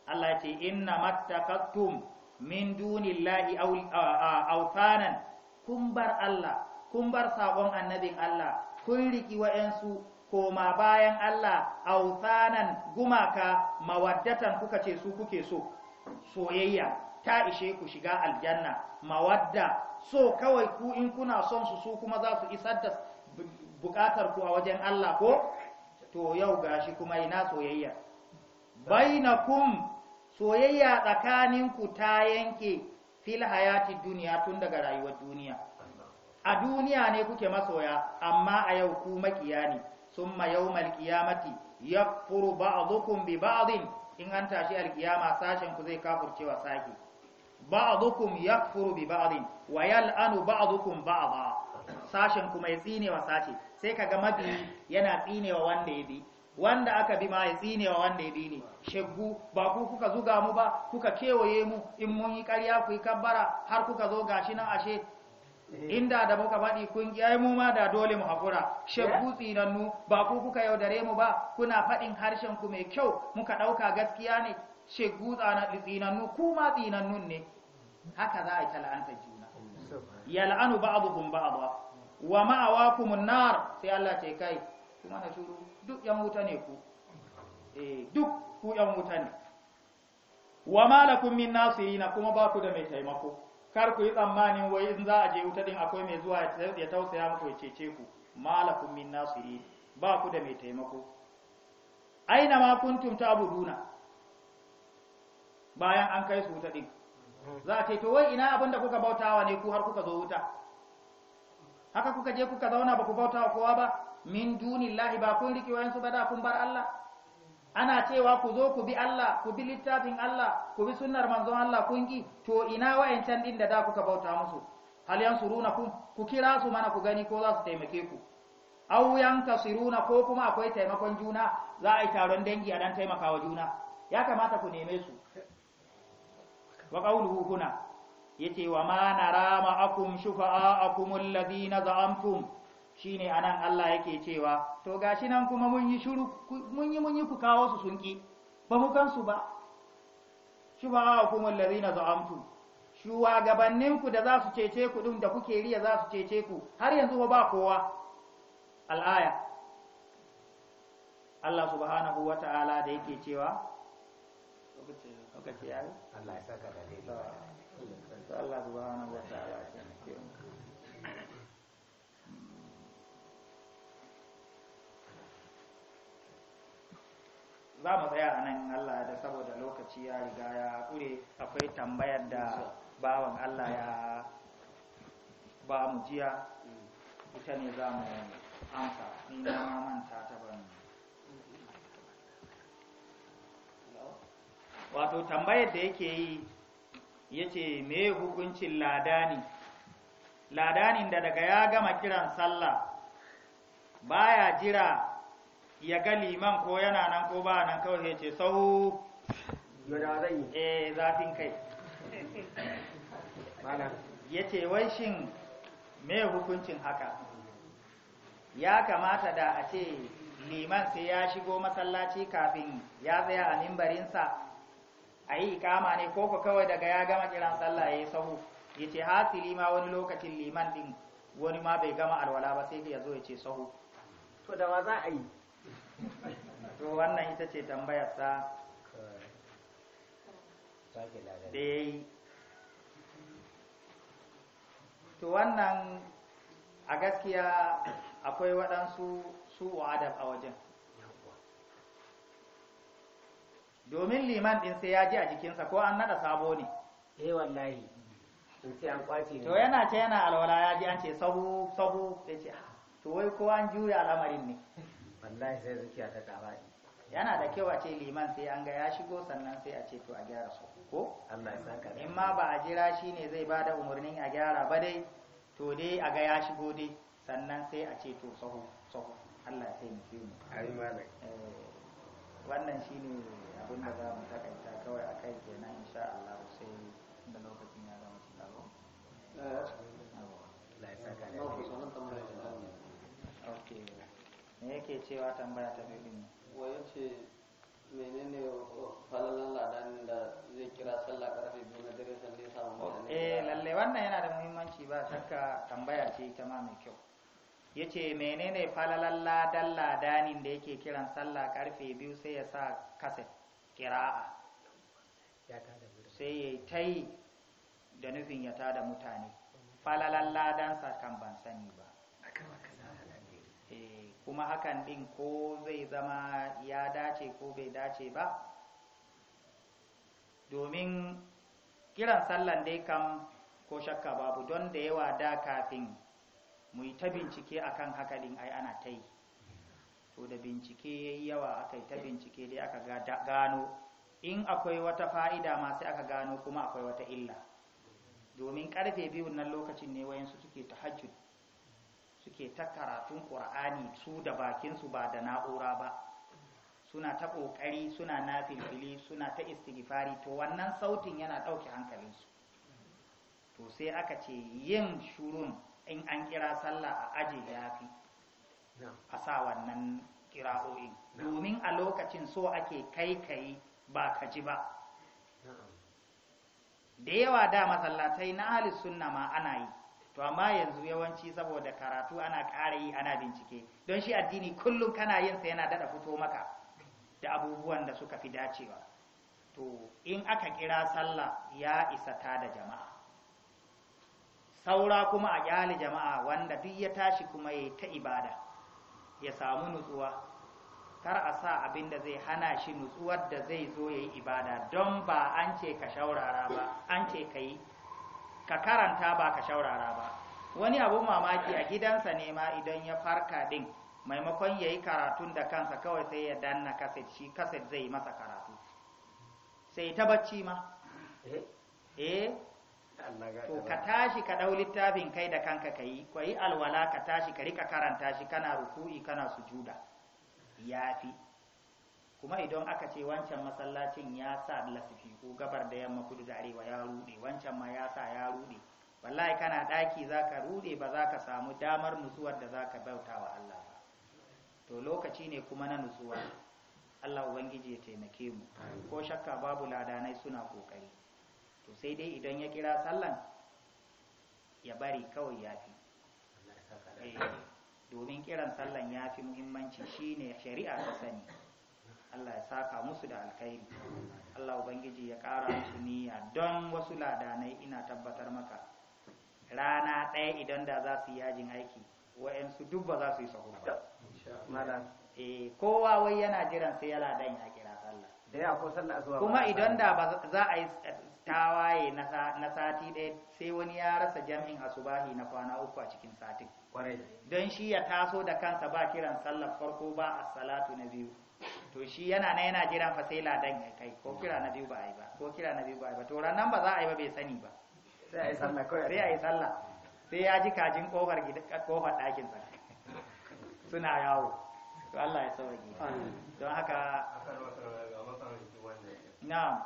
Allah ce inna mattakattum min dunillahi awsanan kun bar Allah kun bar sabon annabin Allah kun riki wa'yansu koma bayan Allah ausanan, gumaka mawaddatan kuka ce su kuke so soyayya ta ishe ku shiga aljanna mawadda so kawai ku in kuna son su su kuma za su isar da bukatar ku a wajen Allah ko to yau gashi kuma ina soyayya bainakum soyayya tsakaninku ta yanke fil hayati duniya tun daga rayuwar duniya a duniya ne kuke masoya amma a yau ku makiya ne summa yawmal qiyamati yakfuru ba'dukum bi ba'din in an tashi alkiyama sashen ku zai wa saki ba'dukum yakfuru bi ba'din wa yal'anu ba'dukum ba sashen kuma ya tsinewa sashi sai kaga mabi yana tsinewa wanda ya bi wanda aka bi ma ya tsinewa wanda ya bi ne sheggu ba ku kuka zuga mu ba kuka kewaye mu in mun yi ƙarya ku yi kabbara har kuka zo gashi nan ashe Eh. inda da muka faɗi kun mu ma da dole mu hakura shegu eh. tsinannu ba ku kuka yaudare mu ba kuna faɗin harshen ku mai kyau muka ɗauka gaskiya ne shegu tsinannu ku ma tsinannun ne haka za a yi la'anta juna yal'anu ba'dhum ba'dha wa ku nar sai Allah ce kai kuma na shuru duk yan wuta ne ku eh, duk ku yan wuta ne wa malakum min nasirina kuma ba ku da mai taimako kar ku yi tsammanin wai in za a je wuta din akwai mai zuwa ya tausaya muku ya cece ku malakum min nasiri ba ku da mai taimako aina ma kuntum ta'buduna bayan an kai su wuta din za a ce to wai ina abinda kuka bautawa ne ku har kuka zo wuta haka kuka je kuka zauna ba ku bautawa kowa ba min dunillahi ba kun riki wayansu ba da kun bar Allah ana cewa ku zo ku bi Allah ku bi littafin Allah ku bi sunnar manzon Allah kun ki to ina wayancan din da da kuka bauta musu hal runa ku kira su mana ku gani ko za su taimake ku aw yankasiruna ko kuma akwai taimakon juna za a yi taron dangi a dan taimakawa juna ya kamata ku neme su wa qawluhu kuna yace wa ma nara shufa'a na alladhina za'amtum shine anan Allah yake cewa to gashi nan kuma mun yi shuru mun yi mun yi ku kawo su sunki ba mu kansu ba za'amtu allazina za'amtum shugabanninku da za su cece ku ɗin da kuke riya za su cece ku har yanzu ba kowa al'aya Allah subhanahu wa ta'ala da yake cewa lokaci ya yi Allah ya saka da Allah subhanahu wa ta'ala za mu tsaya a nan Allah da saboda lokaci ya riga ya ƙure akwai tambayar da bawan Allah ya ba mu jiya ita ne za mu amsa ni na manta ta ban wato tambayar da yake yi ya ce me hukuncin ladani ladanin da daga ya gama kiran sallah baya jira ya ga liman ko yana nan ko ba nan kawai ya ce sau eh, zafin kai ya ce wai shin me hukuncin haka ya kamata da a ce liman sai ya shigo masallaci kafin ya tsaya a mimbarinsa a yi ikama ne ko kawai daga ya gama kiran sallah ya yi sahu ya ce hasili ma wani lokacin liman din wani ma bai gama alwala ba sai ya zo ya ce sahu to da ma za a yi to wannan ita ce tambayarsa da ya yi eh. to wannan a gaskiya akwai waɗansu su adab a wajen domin liman ɗin sai ya ji a jikinsa ko an naɗa sabo ne eh wallahi to yana ce yana alwala ya ji an ce sabu sabu ya ce ah, to wai kowa an juya al'amarin ne wallahi sai zuciya ta tawaye yana da kyau a ce liman sai an ga ya shigo sannan sai a ce to a gyara su ko Allah ya saka in ma ba a jira shi ne zai bada umarnin a gyara ba dai to dai a ga ya shigo dai sannan sai a ce to sahu sahu Allah ya taimake mu ai malai eh, wannan shine abin da za mu takaita kawai a kai kenan insha Allah sai da lokacin ya zama cikin eh, Allah ya saka me yake cewa tambaya ta biyu ne wa yace menene falalan ladan da zai kira sallah karfe biyu na dare sannan samu mutane eh lalle wannan yana da muhimmanci ba shakka tambaya ce ita ma mai kyau yace menene falalan ladan ladanin da yake kiran sallah karfe biyu sai ya sa kaset kira'a sai ya ta yi da nufin ya tada mutane falalan ladansa kan ban sani ba kuma hakan din ko zai zama ya dace ko bai dace ba domin kiran sallan dai kam ko shakka babu don da yawa da kafin mu ta bincike akan haka din ai ana ta yi to da bincike ya yi yawa aka yi ta bincike dai aka gano in akwai wata fa'ida ma sai aka gano kuma akwai wata illa domin karfe biyu nan lokacin ne wayansu suke ta hajjudu suke ta karatun ƙur'ani su da bakinsu ba da na'ura ba suna ta ƙoƙari suna na filfili suna ta istighfari to wannan sautin yana ɗauke hankalinsu to sai aka ce yin shurun in an kira sallah a aji ya fi a sa wannan kira'o'in domin a lokacin so ake kai kai ba ka ji ba da yawa da masallatai na ahalis sunna ma ana yi to amma yanzu yawanci saboda karatu ana ƙara yi ana bincike don shi addini kullum kana yin sa yana dada fito maka da abubuwan da suka fi dacewa to in aka kira sallah ya isa ta da jama'a saura kuma a kyale jama'a wanda duk ya tashi kuma ya ta ibada ya samu nutsuwa kar a sa abin da zai hana shi nutsuwar da zai zo ya yi ibada don ba an ce ka shaurara ba an ce ka yi ka karanta ba ka shaurara ba wani abu mamaki a gidansa ne ma idan ya farka din maimakon ya yi karatun da kansa kawai sai ya danna kaset shi kaset zai masa karatu sai ta bacci ma eh, eh? to ka tashi ka ɗau littafin kai da kanka ka yi alwala ka tashi ka rika karanta shi kana ruku'i kana sujuda fi. kuma idan aka ce wancan masallacin ya sa lasifi ko gabar da yamma kudu da arewa ya rude wancan ma ya sa ya rude wallahi kana daki zaka rude ba zaka samu damar nutsuwar da zaka bauta wa Allah ba to lokaci ne kuma na nutsuwa Allah ubangiji ya taimake mu ko shakka babu ladanai suna kokari to sai dai idan ya kira sallan ya bari kawai ya fi. Eh, domin kiran sallan ya fi muhimmanci shine shari'a ta sani Allah ya saka musu da alkhairi Allah ubangiji ya ƙara musu niyya don wasu ladanai ina tabbatar maka rana ɗaya idan da za su yi yajin aiki wa'yansu duk ba za su yi sahur ba eh, kowa wai yana jiran sai ya ladan ya kira sallah kuma idan da za a yi tawaye na sati ɗaya sai wani ya rasa jami'in asubahi na kwana uku a cikin satin don shi ya taso da kansa ba kiran sallar farko ba a salatu na biyu to shi yana na yana jiran fa sai ladan ya kai ko kira na biyu ba a yi ba ko kira na biyu ba a yi ba to ranan ba za a yi ba bai sani ba sai a yi sallah kawai sai a yi sallah sai ya ji kajin kofar kofar ɗakin sa suna yawo to Allah ya sauke don haka na'am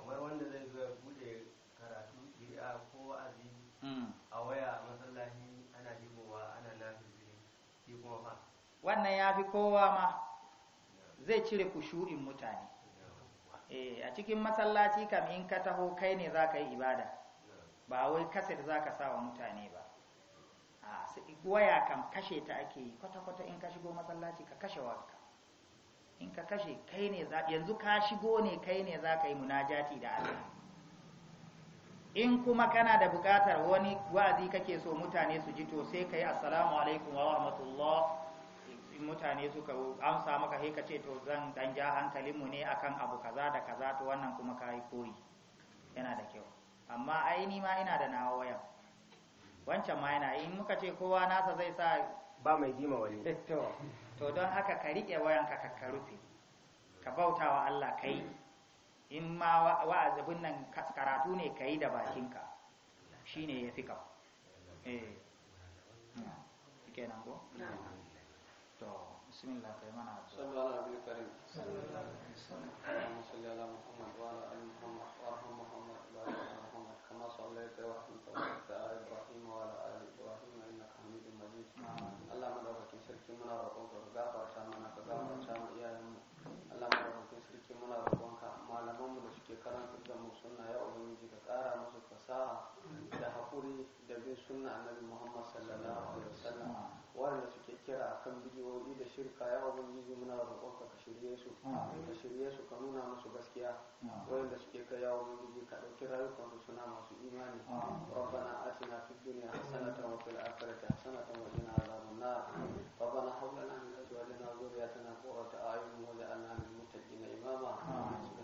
kamar wanda zai zo ya bude karatu ya ko wa'azi hmm. a waya masallaci ana dibowa ana nafi shi kuma fa wannan ya fi kowa ma zai cire kushu'in mutane eh, a cikin masallaci kam in ka taho kai ne za ka yi ibada ba wai kaset za ka sa wa mutane ba waya kam kashe ta ake yi kwata-kwata in ka shigo masallaci ka kashe wanka in ka kashe kai ne za yanzu ka shigo ne kai ne za ka yi munajati da Allah in kuma kana da bukatar wani wa'azi kake so mutane su ji to sai ka yi assalamu alaikum wa rahmatullah mutane suka amsa maka sai ka ce to zan dan ja mu ne akan abu kaza da kaza to wannan kuma kai koyi yana da kyau amma ai ni ma ina da nawa waya wancan ma yana in muka ce kowa nasa zai sa ba mai jima wani to to don haka ka rike wayanka ka ka rufe ka bautawa Allah kai in ma wa'azabin nan karatu ne kai da bakinka shine yafi ka eh kenan ko تو بسم الله قيمنا عبد صلى الله عليه الكريم صلى الله عليه وسلم اللهم صل على محمد وعلى ال محمد وارحم محمد وعلى ال محمد كما صليت ورحمت وباركت على ابراهيم وعلى ال ابراهيم انك حميد مجيد اللهم بارك في منا ربك وغفر لنا فغفر لنا يا اللهم بارك في منا ربك malamanmu da suke karanta da mu suna ya ubangiji ka ƙara musu fasaha da haƙuri da bin sunna annabi muhammad sallallahu alaihi wasallam wanda suke kira akan bidiyoyi da shirka ya ubangiji muna roƙonka ka shirye su ka shirye su ka nuna musu gaskiya wanda suke kai ya ubangiji ka ɗauki rayukansu suna masu imani ربنا آتنا في الدنيا حسنة وفي الآخرة حسنة وقنا عذاب النار ربنا هب لنا من أزواجنا وذرياتنا قرة أعين واجعلنا للمتقين Imama.